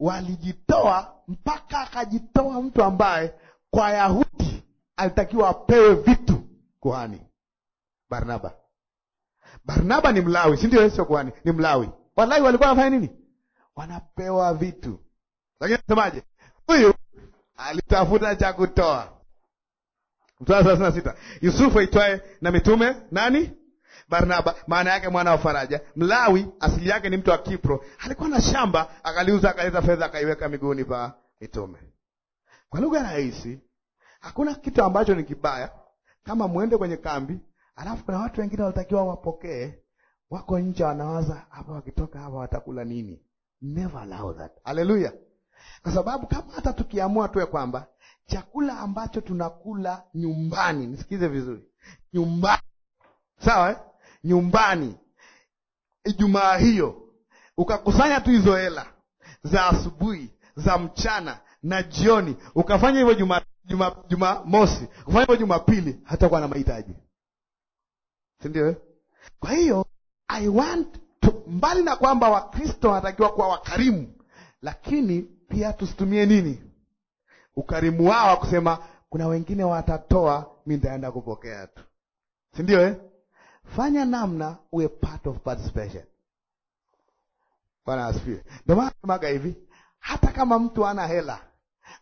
walijitoa mpaka akajitoa mtu ambaye kwa Yahudi alitakiwa apewe vitu kuhani, Barnaba. Barnaba ni Mlawi, si ndio? Yesu kuhani ni Mlawi. Walawi walikuwa wanafanya nini? Wanapewa vitu, lakini nasemaje? Huyu alitafuta cha kutoa. Mtoa thelathini na sita Yusufu aitwaye na mitume nani? Barnaba maana yake mwana wa faraja, Mlawi, asili yake ni mtu wa Kipro, alikuwa na shamba akaliuza, akaleta fedha, akaiweka miguuni pa mitume. Kwa lugha rahisi, hakuna kitu ambacho ni kibaya kama mwende kwenye kambi, alafu kuna watu wengine walitakiwa wapokee, wako nje, wanawaza hapa, wakitoka hapa watakula nini? Never allow that. Haleluya! Kwa sababu kama hata tukiamua ya kwamba chakula ambacho tunakula nyumbani, nisikize vizuri, nyumbani, sawa eh? nyumbani Ijumaa hiyo ukakusanya tu hizo hela za asubuhi za mchana na jioni, ukafanya hivyo juma, juma, juma mosi ukafanya hivyo Jumapili, hatakuwa na mahitaji, si ndio? Eh? Kwa hiyo I want to, mbali na kwamba Wakristo wanatakiwa kuwa wakarimu, lakini pia tusitumie nini ukarimu wao wa kusema kuna wengine watatoa, mi nitaenda kupokea tu, si ndio eh? fanya namna uwe part of participation. Bwana asifiwe. Ndio maana nasemaga hivi, hata kama mtu ana hela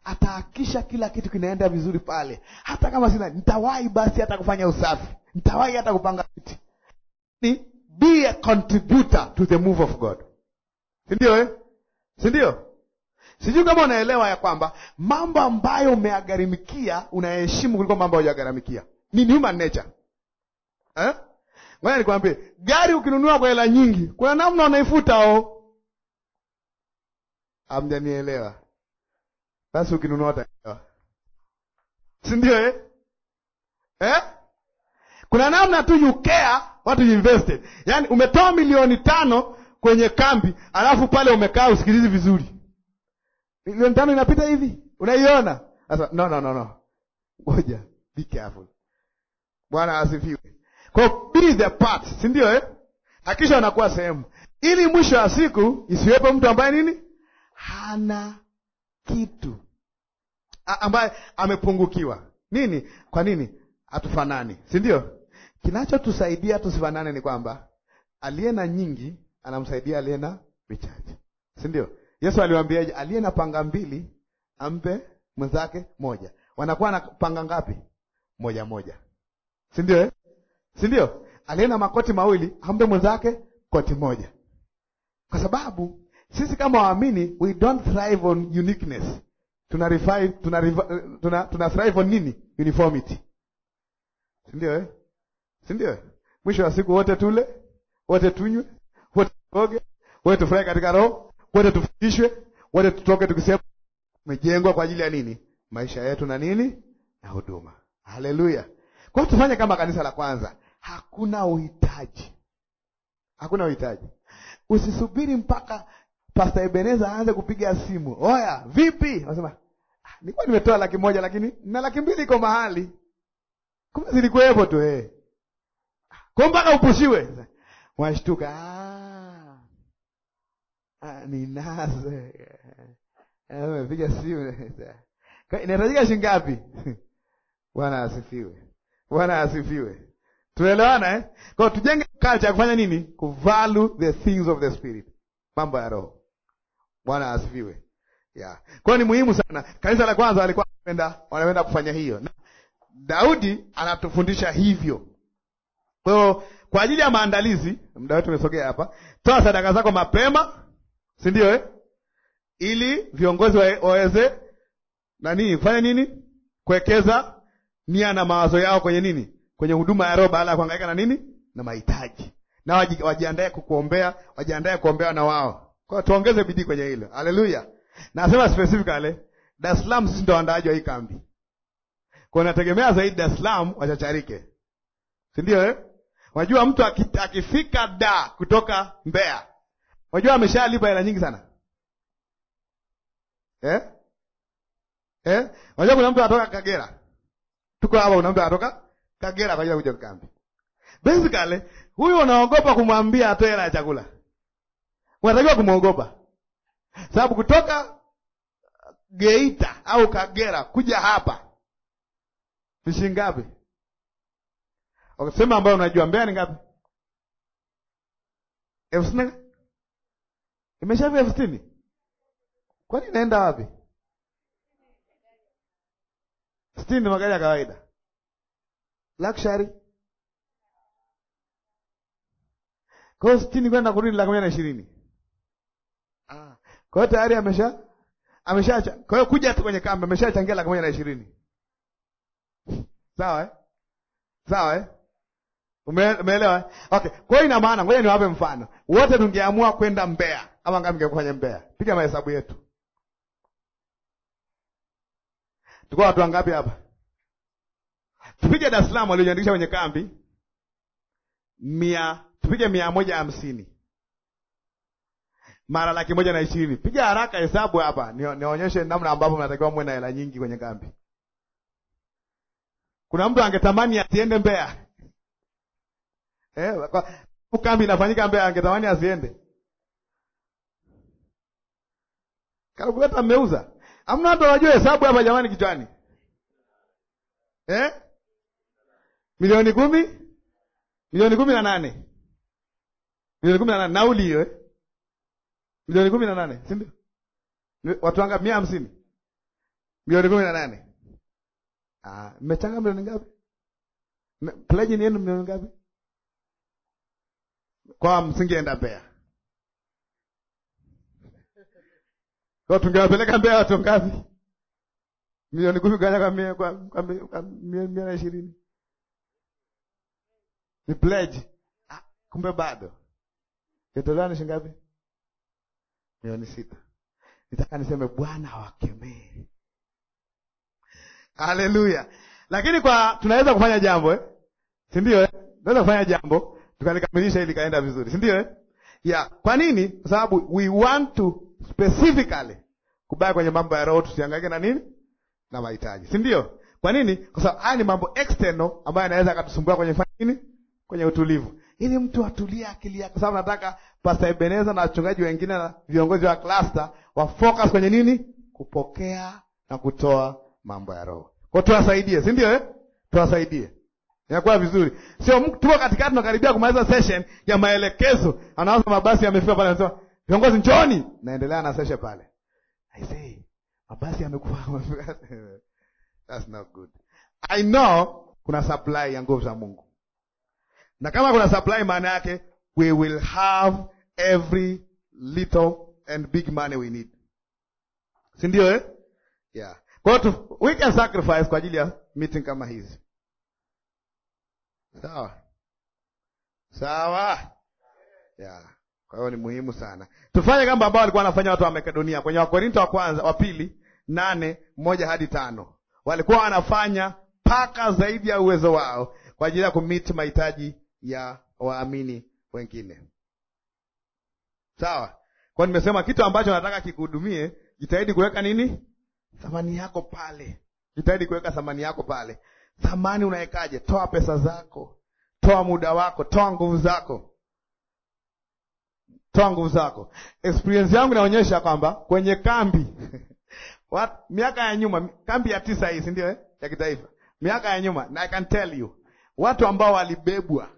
atahakisha kila kitu kinaenda vizuri pale. Hata kama sina, nitawahi basi hata kufanya usafi, nitawahi hata kupanga viti. Ni be a contributor to the move of God, si ndio eh? si ndio? Sijui kama unaelewa ya kwamba mambo ambayo umeagharimikia unaheshimu kuliko mambo hujagharimikia. Ni human nature eh? Ngoja nikwambie, gari ukinunua kwa hela nyingi, kuna namna unaifuta o. Amjanielewa? Basi ukinunua utaelewa, si ndio eh? Eh? Kuna namna tu, you care what you invested. Yaani umetoa milioni tano kwenye kambi, alafu pale umekaa usikilizi vizuri, milioni tano inapita hivi, unaiona sasa? No, no, no, no, ngoja, be careful. Bwana asifiwe. Kwa hiyo be the part, si ndio eh? Hakisha anakuwa sehemu, ili mwisho wa siku isiwepo mtu ambaye nini hana kitu A, ambaye amepungukiwa nini. Kwa nini hatufanani, si ndio? Kinachotusaidia tusifanane ni kwamba aliye na nyingi anamsaidia aliye na vichache, si ndio? Yesu aliwaambiaje? aliye na panga mbili ampe mwenzake moja, wanakuwa na panga ngapi? Moja moja, si ndio eh? si ndio? Alienda makoti mawili, ambe mwenzake koti moja, kwa sababu sisi kama waamini we don't thrive on uniqueness, tuna refine, tuna, tuna, tuna thrive on nini? Uniformity, si ndio eh? si ndio? Mwisho wa siku wote tule, wote tunywe, wote tuoge, wote tufurahi katika roho, wote tufundishwe, wote tutoke tukisema umejengwa kwa ajili ya nini? Maisha yetu na nini na huduma. Haleluya! Kwa tufanye kama kanisa la kwanza, hakuna uhitaji, hakuna uhitaji. Usisubiri mpaka Pasta Ebeneza aanze kupiga simu, oya, vipi? Nasema ah, nilikuwa nimetoa laki moja lakini na laki mbili iko mahali, kumbe zilikuwepo tu eh, kwa mpaka upushiwe, washtuka ah, ah, ninazo eh, amepiga simu inahitajika shilingi ngapi? <laughs> Bwana asifiwe, Bwana asifiwe. Tuelewana eh? Kwa tujenge culture ya kufanya nini? Kuvalu the things of the spirit, mambo ya roho. Bwana asifiwe. Yeah. Kwa ni muhimu sana. Kanisa la kwanza walikuwa wanapenda wanapenda kufanya hiyo. Na Daudi anatufundisha hivyo. Kwa hiyo kwa ajili ya maandalizi, muda wetu umesogea hapa. Toa sadaka zako mapema, si ndio eh? Ili viongozi waweze nani kufanya nini? Kuwekeza nia na mawazo yao kwenye nini? kwenye huduma ya roho baada ya kuhangaika na nini na mahitaji, na wajiandae kukuombea, wajiandae kuombewa na wao. Kwa hiyo tuongeze bidii kwenye hilo. Haleluya. Nasema specifically Dar es Salaam, sisi ndo waandaaji wa hii kambi. Kwa nategemea zaidi Dar es Salaam wachacharike, si ndio eh? Wajua mtu akifika da kutoka Mbeya, wajua ameshalipa hela nyingi sana eh? Eh? Wajua kuna mtu anatoka Kagera, tuko hapa, kuna mtu anatoka Kagera kwa ajili kuja kambi. Basically, huyu unaogopa kumwambia atoe hela ya chakula. Unatakiwa kumwogopa. Sababu kutoka Geita au Kagera kuja hapa ni shilingi ngapi? Ukisema ambayo unajua Mbeya ni ngapi? Elfu sitini. Imeshafika elfu sitini. Kwani naenda wapi? Sitini magari ya kawaida luxury kwa sitini kwenda kurudi laki moja na ishirini. Ah, kwa hiyo tayari amesha amesha, kwa hiyo kuja tu kwenye kambi ameshachangia laki moja na ishirini. Sawa eh? Sawa eh? Umeelewa? Eh? Okay. Kwa hiyo ina maana, ngoja niwape mfano. Wote tungeamua kwenda Mbeya ama ngapi mngekufanya Mbeya? Piga mahesabu yetu. Tuko watu wangapi hapa? tupige Dar es Salaam waliojiandikisha kwenye kambi mia, tupige mia moja hamsini mara laki moja na ishirini. Piga haraka hesabu hapa nionyeshe ni namna ambavyo mnatakiwa muwe na hela nyingi kwenye kambi. Kuna mtu angetamani asiende Mbeya eh, kwa kambi inafanyika Mbeya, angetamani asiende. Kalkuleta mmeuza, amna watu wanajua hesabu hapa jamani kichwani eh? milioni kumi milioni kumi na nane milioni kumi na nane nauli hiyo eh? milioni kumi na nane si ndio? watu wanga mia hamsini milioni kumi na nane mmechanga milioni ngapi? ni yenu milioni ngapi? kwa msingeenda Mbeya kwa tungewapeleka mbea watu ngapi? milioni kumi ganya kwa mia na ishirini ni pledge. Ah, kumbe bado. kitolewa ni shingapi? Milioni sita. Nitaka niseme Bwana wakemee. Haleluya. Lakini kwa tunaweza kufanya jambo eh? Si ndio eh? Tunaweza kufanya jambo tukalikamilisha ili kaenda vizuri, si ndio eh? Yeah. Kwa nini? Kwa sababu we want to specifically kubaya kwenye mambo ya roho, tusiangaike na nini na mahitaji, si ndio? Kwa nini? Kwa sababu haya ni mambo external ambayo yanaweza akatusumbua kwenye fanya nini kwenye utulivu, ili mtu atulie akili yake, sababu nataka Pastor Ebeneza na wachungaji wengine na viongozi wa cluster wa focus kwenye nini, kupokea na kutoa mambo ya Roho. Kwa tuwasaidie, si ndio eh? Tuwasaidie, inakuwa vizuri, sio tuko katikati, tunakaribia kumaliza session ya maelekezo, anaanza mabasi yamefika pale, anasema viongozi njoni." naendelea na session pale, i say mabasi yamekuwa <laughs> that's not good. I know kuna supply ya nguvu za Mungu na kama kuna supply, maana yake we will have every little and big money we need, si ndio eh? Yeah. Kwa hiyo we can sacrifice kwa ajili ya meeting kama hizi. Sawa sawa, yeah. Kwa hiyo ni muhimu sana tufanye kama ambao walikuwa wanafanya watu wa Makedonia kwenye Wakorinto wa kwanza wa pili nane moja hadi tano walikuwa wanafanya mpaka zaidi ya uwezo wao kwa ajili ya kumiti mahitaji ya waamini wengine. Sawa? Kwa nimesema kitu ambacho nataka kikuhudumie, jitahidi kuweka nini? Thamani yako pale. Jitahidi kuweka thamani yako pale. Thamani unawekaje? Toa pesa zako, toa muda wako, toa nguvu zako, toa nguvu zako. Experience yangu inaonyesha kwamba kwenye kambi <laughs> What? miaka ya nyuma, kambi ya tisa hii, si ndio, eh, ya kitaifa, miaka ya nyuma, na I can tell you watu ambao walibebwa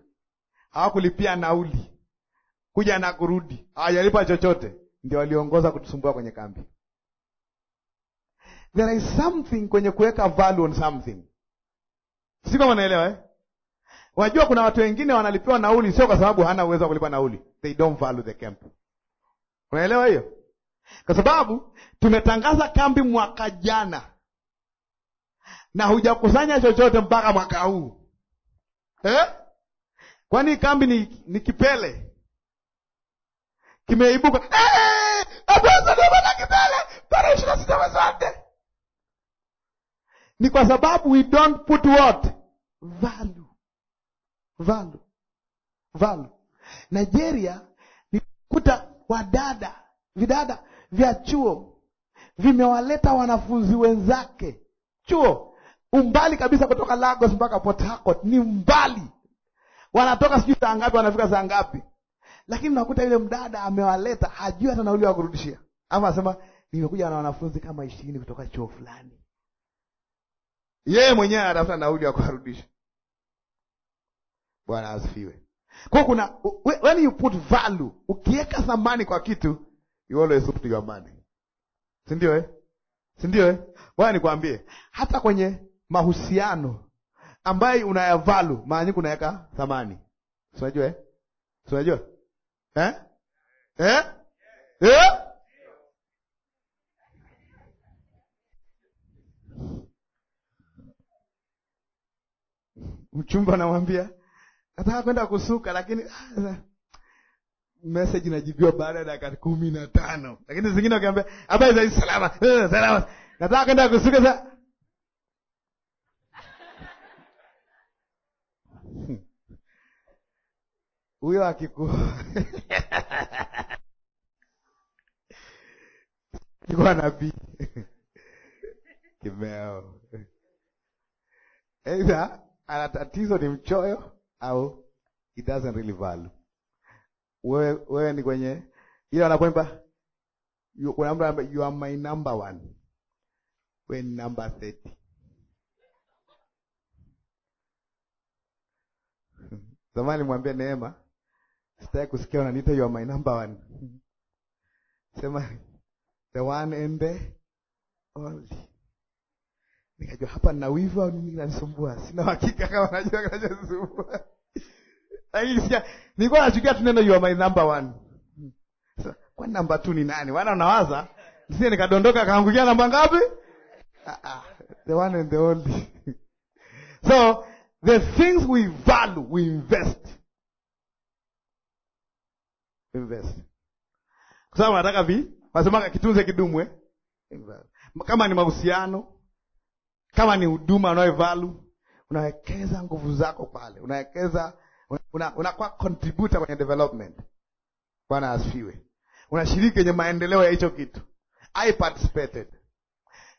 hawakulipia nauli kuja na kurudi, hawajalipa chochote, ndio waliongoza kutusumbua kwenye kambi. There is something kwenye kuweka value on something, si kama unaelewa eh? Wajua kuna watu wengine wanalipiwa nauli sio kwa sababu hana uwezo wa kulipa nauli, they don't value the camp. Unaelewa hiyo? Kwa sababu tumetangaza kambi mwaka jana na hujakusanya chochote mpaka mwaka huu eh? Kwani kambi ni, ni kipele kimeibuka kipele tarehe ishirini na sita mwezi wa nne. Ni kwa sababu we don't put what value value value. Nigeria nikuta wadada vidada vya chuo vimewaleta wanafunzi wenzake chuo umbali kabisa kutoka Lagos mpaka Port Harcourt ni mbali wanatoka sijui saa ngapi, wanafika saa ngapi, lakini nakuta yule mdada amewaleta, hajui hata nauli wa kurudishia, ama anasema nimekuja na wanafunzi kama ishirini kutoka chuo fulani, yeye mwenyewe anatafuta nauli ya kuwarudisha. Bwana asifiwe. Kwa kuna when you put value, ukiweka thamani kwa kitu you always put your money, si ndio eh? Si ndio eh? Bwana nikwambie, hata kwenye mahusiano ambaye unayavalu, maana yake unaweka thamani. Unajua eh? Unajua? Eh? Eh? Eh? Mchumba anamwambia nataka kwenda kusuka, lakini ah, message inajibiwa baada ya dakika kumi na tano, lakini zingine wakiambia habari za salama eh, salama, nataka kwenda kusuka sasa huyo akiku <laughs> kikuwa nabii kimeo, either ana tatizo ni mchoyo au it doesn't really value. Wewe wewe ni kwenye ile wanapoimba you are my number one, we ni number 30 <laughs> zamani mwambie Neema Sitaki kusikia unaniita you are my number one. Sema the one and the only. Nikajua hapa nina wivu au nini kinanisumbua. Sina hakika kama najua kinachonisumbua. Lakini sikia, nilikuwa nachukia tu neno you are my number one. So, kwa namba tu ni nani? Wana unawaza? Nisije nikadondoka kaangukia namba ngapi? Ah ah, the one and the only. so, the things we value, we invest invest, kwa sababu nataka vi nasema kitunze kidumwe eh? invest. Kama ni mahusiano, kama ni huduma value, unawekeza nguvu zako pale, unawekeza unakuwa una contributor kwenye development. Bwana asifiwe. Unashiriki kwenye maendeleo ya hicho kitu. I participated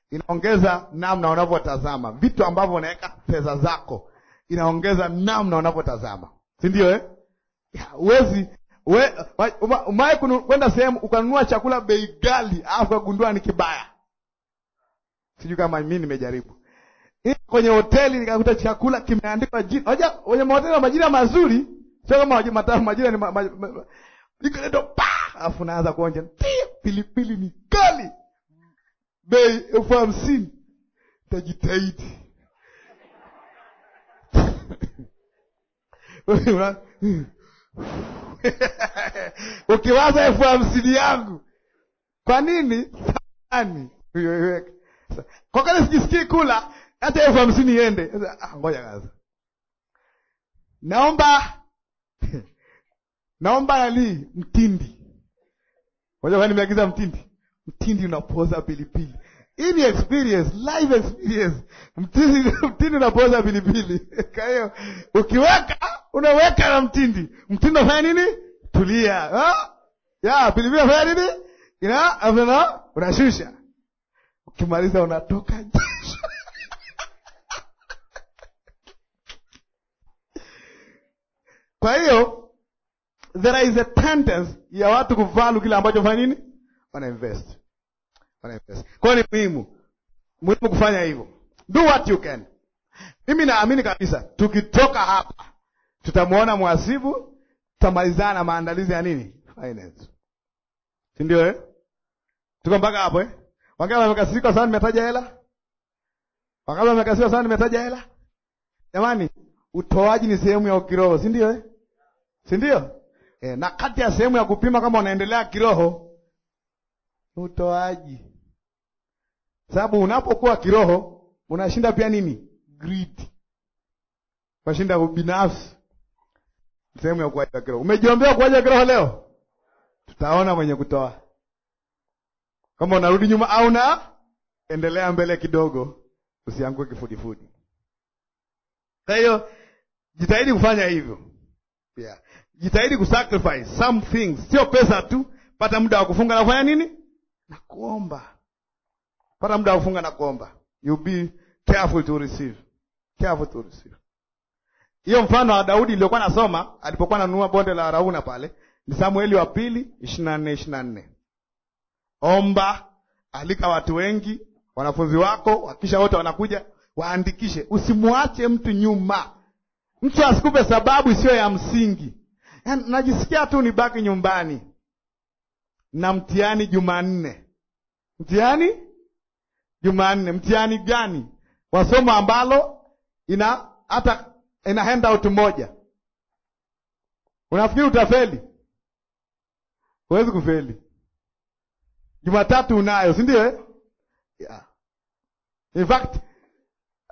inaongeza namna unavyotazama vitu ambavyo unaweka pesa zako, inaongeza namna unavyotazama, si ndio eh? Huwezi Umewahi kwenda sehemu ukanunua chakula bei ghali, alafu kagundua ni kibaya? Sijui kama mimi nimejaribu hii. Kwenye hoteli nikakuta chakula kimeandikwa jina. Unajua kwenye mahoteli majina mazuri, sio kama waje matatu majina ni ikaleto pa, alafu naanza kuonja pilipili ni kali, bei elfu hamsini. Tajitahidi <laughs> <laughs> ukiwaza elfu hamsini yangu kwa nini thamani uyoiweka kwa sijisikii kula hata elfu hamsini iende. Ah, ngoja kwanza, naomba <laughs> naomba nalii mtindi moja, nimeagiza mtindi. Mtindi unapoza pilipili, hii ni experience, live experience. Mtindi, <laughs> mtindi unapoza pilipili. Kwa hiyo ukiweka unaweka na mtindi. Mtindi unafanya nini? Tulia ya pilipili unafanya nini? Ina unashusha, ukimaliza unatoka jasho kwa hiyo there is a tendency ya watu kuvalu kile ambacho fanya nini, wana invest, wana invest. Kwa hiyo ni muhimu muhimu kufanya hivyo, do what you can. Mimi naamini kabisa tukitoka hapa tutamwona mhasibu, tutamalizana na maandalizi ya nini, finance, si ndio eh? Tuko mpaka hapo eh? Wangapi wamekasirika sana nimetaja hela? Wangapi wamekasirika sana nimetaja hela? Jamani, utoaji ni sehemu ya kiroho, si ndio eh? Si ndio? Eh, na kati ya sehemu ya kupima kama unaendelea kiroho utoaji. Sababu unapokuwa kiroho unashinda pia nini? Greed. Unashinda ubinafsi sehemu ya ukuaji kiroho. Umejiombea ukuaji kiroho leo, tutaona mwenye kutoa kama unarudi nyuma au na endelea mbele kidogo, usianguke kifudifudi. Kwa hiyo jitahidi kufanya hivyo pia, yeah. Jitahidi kusacrifice some things, sio pesa tu. Pata muda wa kufunga na kufanya nini na kuomba. Pata muda wa kufunga na kuomba. You be careful to receive, careful to receive. Hiyo mfano wa Daudi niliokuwa nasoma alipokuwa ananunua bonde la Arauna pale ni Samueli wa pili ishirini na nne ishirini na nne. Omba, alika watu wengi, wanafunzi wako, wakisha wote wanakuja, waandikishe. Usimwache mtu nyuma, mtu asikupe sababu isiyo ya msingi. Yaani, najisikia tu nibaki nyumbani na mtihani Jumanne. Mtihani Jumanne, mtihani gani? Wasomo ambalo ina hata ina handout moja. Unafikiri utafeli? Huwezi kufeli. Jumatatu unayo, si ndio? Eh? Yeah. In fact,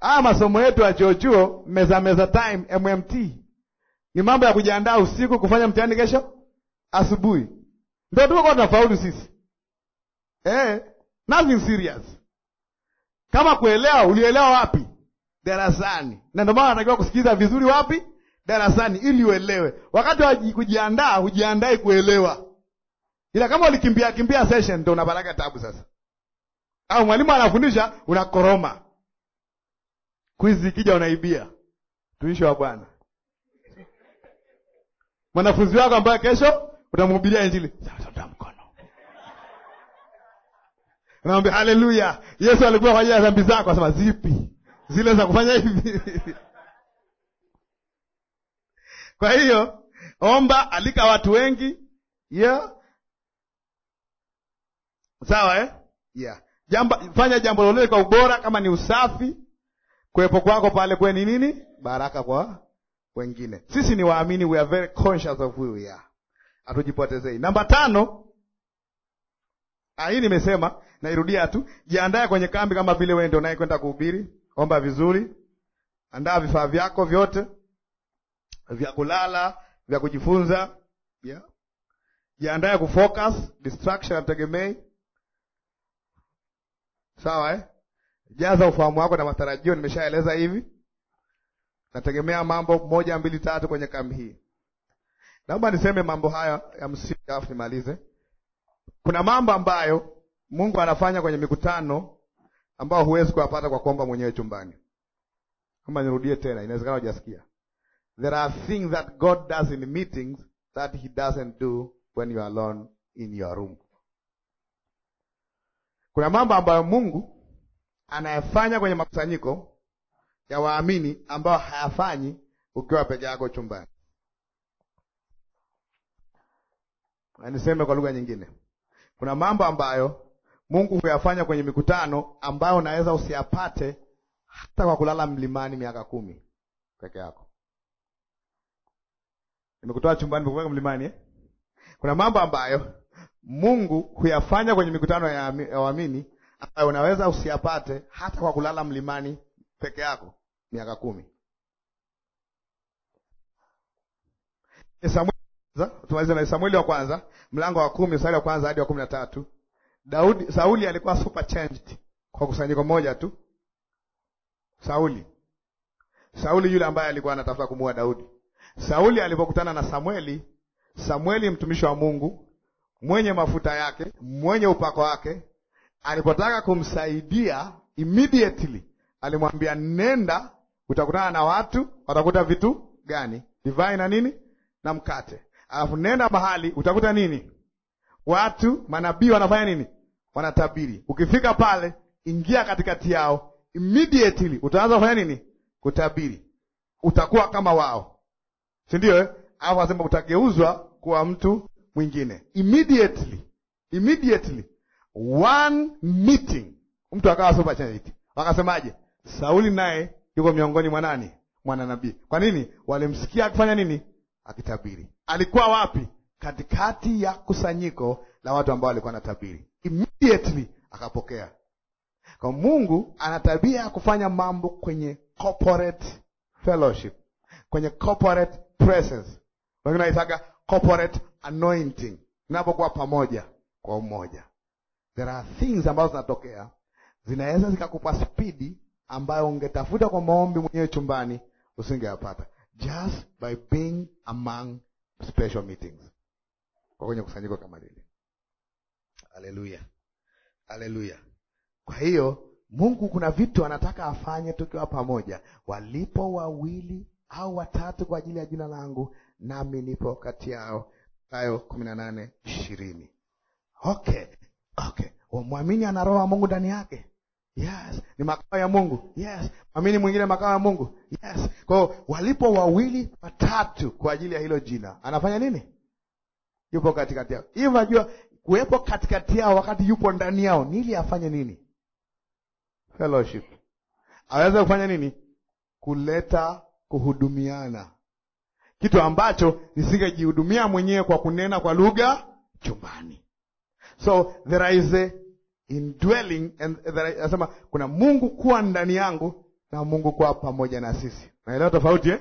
haya masomo yetu ya chuo meza meza time MMT ni mambo ya kujiandaa usiku kufanya mtihani kesho asubuhi, ndio tuko tunafaulu sisi eh, nothing serious. Kama kuelewa, ulielewa wapi? darasani, na ndio maana anatakiwa kusikiliza vizuri. Wapi? Darasani, ili uelewe. Wakati wa kujiandaa, hujiandai kuelewa, ila kama ulikimbia kimbia session, ndio unapata tabu sasa. Au mwalimu anafundisha unakoroma, kwizi ikija unaibia. Tuisho wa Bwana. Mwanafunzi wako ambaye kesho utamhubiria Injili, sasa mkono Naomba haleluya. Yesu alikuwa kwa ajili ya dhambi zako, asema zipi? zile za kufanya hivi kwa hiyo omba, alika watu wengi yeah. Sawa eh? yeah. Jamba, fanya jambo lolote kwa ubora, kama ni usafi, kuwepo kwako pale kwe ni nini, baraka kwa wengine. Sisi ni waamini, we are very conscious of who we are, hatujipotezei. Namba tano, ah, hii nimesema, nairudia tu, jiandae kwenye kambi kama vile wewe ndio unayekwenda kuhubiri omba vizuri, andaa vifaa vyako vyote vya kulala, vya kujifunza, yeah. Jiandae kufocus, distraction ategemei. Sawa eh? Jaza ufahamu wako na matarajio, nimeshaeleza hivi. Nategemea mambo moja mbili tatu kwenye kambi hii. Naomba niseme mambo haya ya msingi, alafu nimalize. Kuna mambo ambayo Mungu anafanya kwenye mikutano ambao huwezi kuyapata kwa kuomba mwenyewe chumbani. Kama nirudie tena, inawezekana hujasikia. There are things that God does in meetings that he doesn't do when you are alone in your room. Kuna mambo ambayo Mungu anayafanya kwenye makusanyiko ya waamini ambao hayafanyi ukiwa peke yako chumbani. Na niseme kwa lugha nyingine, kuna mambo ambayo Mungu huyafanya kwenye mikutano ambayo unaweza usiyapate hata kwa kulala mlimani miaka kumi peke yako. Nimekutoa chumbani nimekuweka mlimani eh? Kuna mambo ambayo Mungu huyafanya kwenye mikutano ya waamini ambayo unaweza usiyapate hata kwa kulala mlimani peke yako miaka kumi. Tumalize na Samueli wa kwanza mlango wa kumi mstari wa kwanza hadi wa kumi na tatu Daudi, Sauli alikuwa super changed kwa kusanyiko moja tu. Sauli, Sauli yule ambaye alikuwa anatafuta kumuua Daudi. Sauli alipokutana na Samueli, Samueli mtumishi wa Mungu mwenye mafuta yake, mwenye upako wake, alipotaka kumsaidia immediately alimwambia, nenda utakutana na watu, watakuta vitu gani? Divai na nini na mkate, alafu nenda mahali utakuta nini? Watu manabii wanafanya nini? wanatabiri. Ukifika pale, ingia katikati yao immediately, utaanza kufanya nini? Kutabiri. Utakuwa kama wao, si ndio? Eh, alafu asema utageuzwa kuwa mtu mwingine immediately, immediately one meeting. Mtu akawa super change, wakasemaje? Sauli naye yuko miongoni mwa nani? Mwana nabii. Kwa nini? Walimsikia akifanya nini? Akitabiri. Alikuwa wapi? Katikati ya kusanyiko la watu ambao walikuwa na tabiri immediately akapokea. Kwa Mungu ana tabia ya kufanya mambo kwenye corporate fellowship, kwenye corporate presence, wengine wanaitaga corporate anointing, inapokuwa pamoja kwa umoja. There are things ambazo zinatokea zinaweza zikakupa spidi ambayo ungetafuta kwa maombi mwenyewe chumbani usingeyapata, just by being among special meetings, kwa kwenye kusanyiko kama lile. Haleluya! Haleluya! Kwa hiyo Mungu kuna vitu anataka afanye tukiwa pamoja, walipo wawili au watatu kwa ajili ya jina langu, nami nipo kati yao. Mathayo kumi na nane ishirini. Okay, okay, wamwamini ana roho ya Mungu ndani yake. Yes, ni makao ya Mungu. Yes, mwamini mwingine makao ya Mungu. Yes, kwao walipo wawili watatu kwa ajili ya hilo jina, anafanya nini? Yupo katikati yao. Hivi unajua kuwepo katikati yao wakati yupo ndani yao, nili afanye nini? Fellowship aweze kufanya nini? Kuleta kuhudumiana, kitu ambacho nisingejihudumia mwenyewe kwa kunena kwa lugha chumbani. So there is a indwelling and there, nasema kuna Mungu kuwa ndani yangu na Mungu kuwa pamoja na sisi. Naelewa tofauti eh?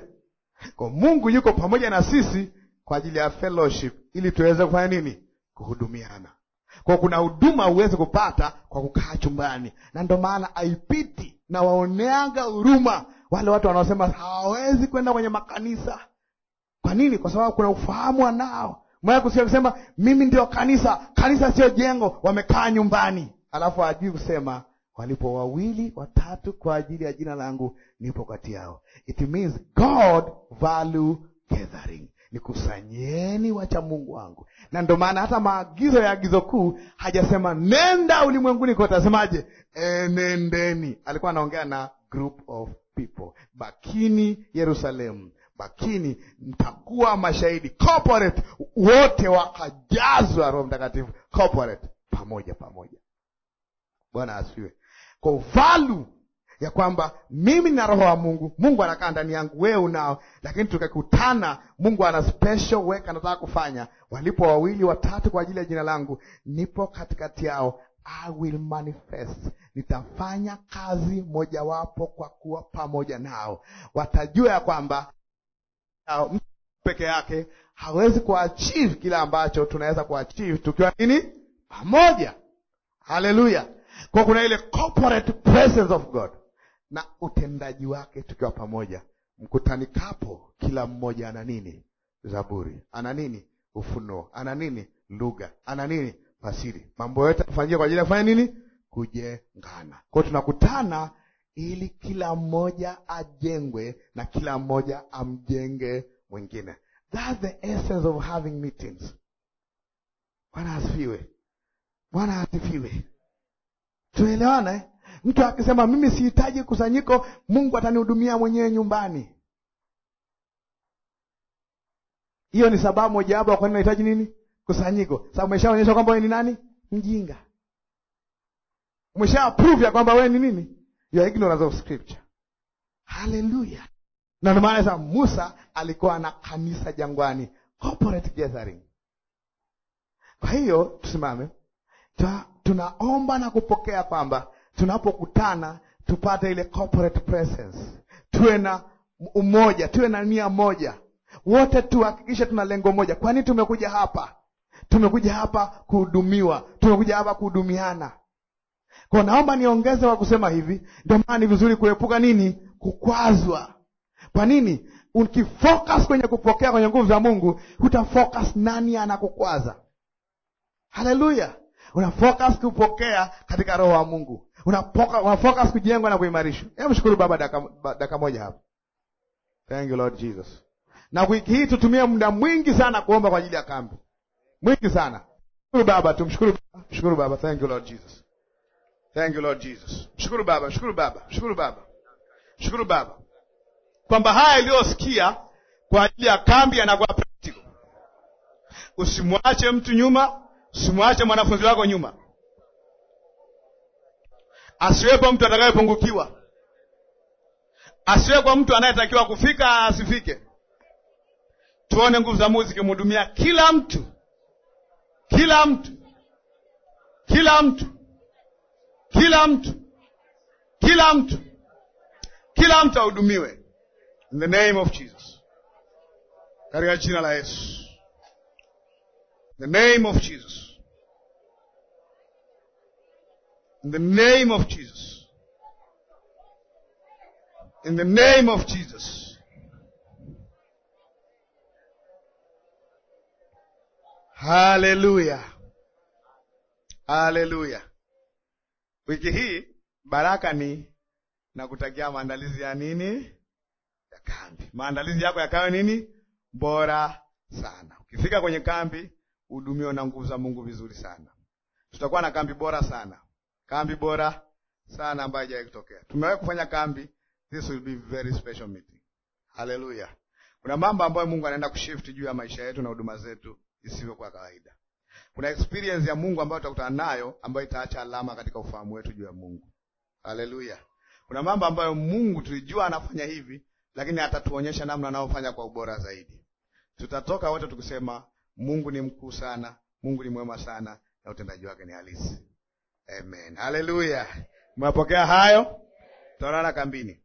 Kwa Mungu yuko pamoja na sisi kwa ajili ya fellowship, ili tuweze kufanya nini? kuhudumiana. Kwa kuna huduma huwezi kupata kwa kukaa chumbani, na ndio maana aipiti na waoneaga huruma wale watu wanaosema hawawezi kwenda kwenye makanisa. Kwa nini? Kwa sababu kuna ufahamu wanao. Mwaya kusikia kusema mimi ndio kanisa, kanisa sio jengo, wamekaa nyumbani, alafu hajui kusema walipo wawili watatu kwa ajili ya jina langu nipo kati yao. It means God value gathering nikusanyeni wacha Mungu wangu. Na ndio maana hata maagizo ya agizo kuu hajasema nenda ulimwenguni kote, asemaje? E, Alikuwa anaongea na group of people, bakini Yerusalemu, bakini, mtakuwa mashahidi corporate. Wote wakajazwa Roho Mtakatifu corporate, pamoja pamoja. Bwana asifiwe. Kwa value ya kwamba mimi nina roho wa Mungu, Mungu anakaa ndani yangu, wewe unao, lakini tukakutana, Mungu ana special work anataka kufanya. Walipo wawili watatu kwa ajili ya jina langu, nipo katikati yao. I will manifest, nitafanya kazi mojawapo kwa kuwa pamoja nao. Watajua ya kwamba uh, mtu peke yake hawezi kuachieve kile ambacho tunaweza kuachieve tukiwa nini pamoja. Haleluya! Kwa kuna ile corporate presence of God na utendaji wake tukiwa pamoja. Mkutanikapo kila mmoja ana nini? Zaburi, ana nini? Ufunuo, ana nini? Lugha, ana nini? Fasiri. Mambo yote kufanyia kwa ajili ya kufanya nini? Kujengana. Kwa hiyo tunakutana ili kila mmoja ajengwe na kila mmoja amjenge mwingine. That's the essence of having meetings. Bwana asifiwe. Bwana asifiwe. Tuelewane Mtu akisema mimi sihitaji kusanyiko, Mungu atanihudumia mwenyewe nyumbani. Hiyo ni sababu mojawapo ya kwa nini nahitaji nini kusanyiko, sababu umeshaonyesha kwamba wewe ni nani mjinga, umeshaprove ya kwamba wewe ni nini, you are ignorant of scripture. Haleluya! na ndio maana sasa Musa alikuwa na kanisa jangwani, corporate gathering. Kwa hiyo tusimame, tunaomba na kupokea kwamba tunapokutana tupate ile corporate presence, tuwe na umoja, tuwe na nia moja, wote tuhakikishe tuna lengo moja. Kwani tumekuja hapa, tumekuja hapa kuhudumiwa, tumekuja hapa kuhudumiana. Kwa naomba niongeze kwa kusema hivi, ndio maana ni vizuri kuepuka nini? Kukwazwa. Kwa nini? Ukifocus kwenye kupokea kwenye nguvu za Mungu, utafocus nani anakukwaza. Haleluya! una focus kupokea katika roho wa Mungu, una focus kujengwa na kuimarishwa. Hebu shukuru Baba dakika moja hapa. Thank you Lord Jesus. Na wiki hii tutumie muda mwingi sana kuomba kwa ajili ya kambi, mwingi sana. Shukuru Baba, tumshukuru Baba, shukuru Baba. Thank you Lord Jesus, thank you Lord Jesus. Shukuru Baba, shukuru Baba, shukuru Baba, shukuru Baba kwamba haya iliyosikia kwa ajili ya kambi yanakuwa practical. Usimwache mtu nyuma, simwache mwanafunzi wako nyuma, asiwepo mtu atakayepungukiwa, asiwepo mtu anayetakiwa kufika asifike. Tuone nguvu za Mungu zikimhudumia kila mtu, kila mtu, kila mtu, kila mtu, kila mtu, kila mtu ahudumiwe, in the name of Jesus, katika jina la Yesu the name of Jesus. In the name of Jesus. In the name of Jesus. Hallelujah. Hallelujah. Wiki hii baraka ni na kutakia maandalizi ya nini? Ya kambi. Maandalizi yako yakawe nini? Bora sana. Ukifika kwenye kambi uhudumiwe na nguvu za Mungu vizuri sana. Tutakuwa na kambi bora sana, kambi bora sana ambayo haijawahi kutokea. Tumewahi kufanya kambi, this will be very special meeting. Haleluya! Kuna mambo ambayo Mungu anaenda kushift juu ya maisha yetu na huduma zetu isivyokuwa kawaida. Kuna experience ya Mungu ambayo tutakutana nayo ambayo itaacha alama katika ufahamu wetu juu ya Mungu. Haleluya! Kuna mambo ambayo Mungu tulijua anafanya hivi, lakini atatuonyesha namna anaofanya kwa ubora zaidi. Tutatoka wote tukisema Mungu ni mkuu sana, Mungu ni mwema sana, na utendaji wake ni halisi. Amen, haleluya. Mwapokea hayo, tutaonana kambini.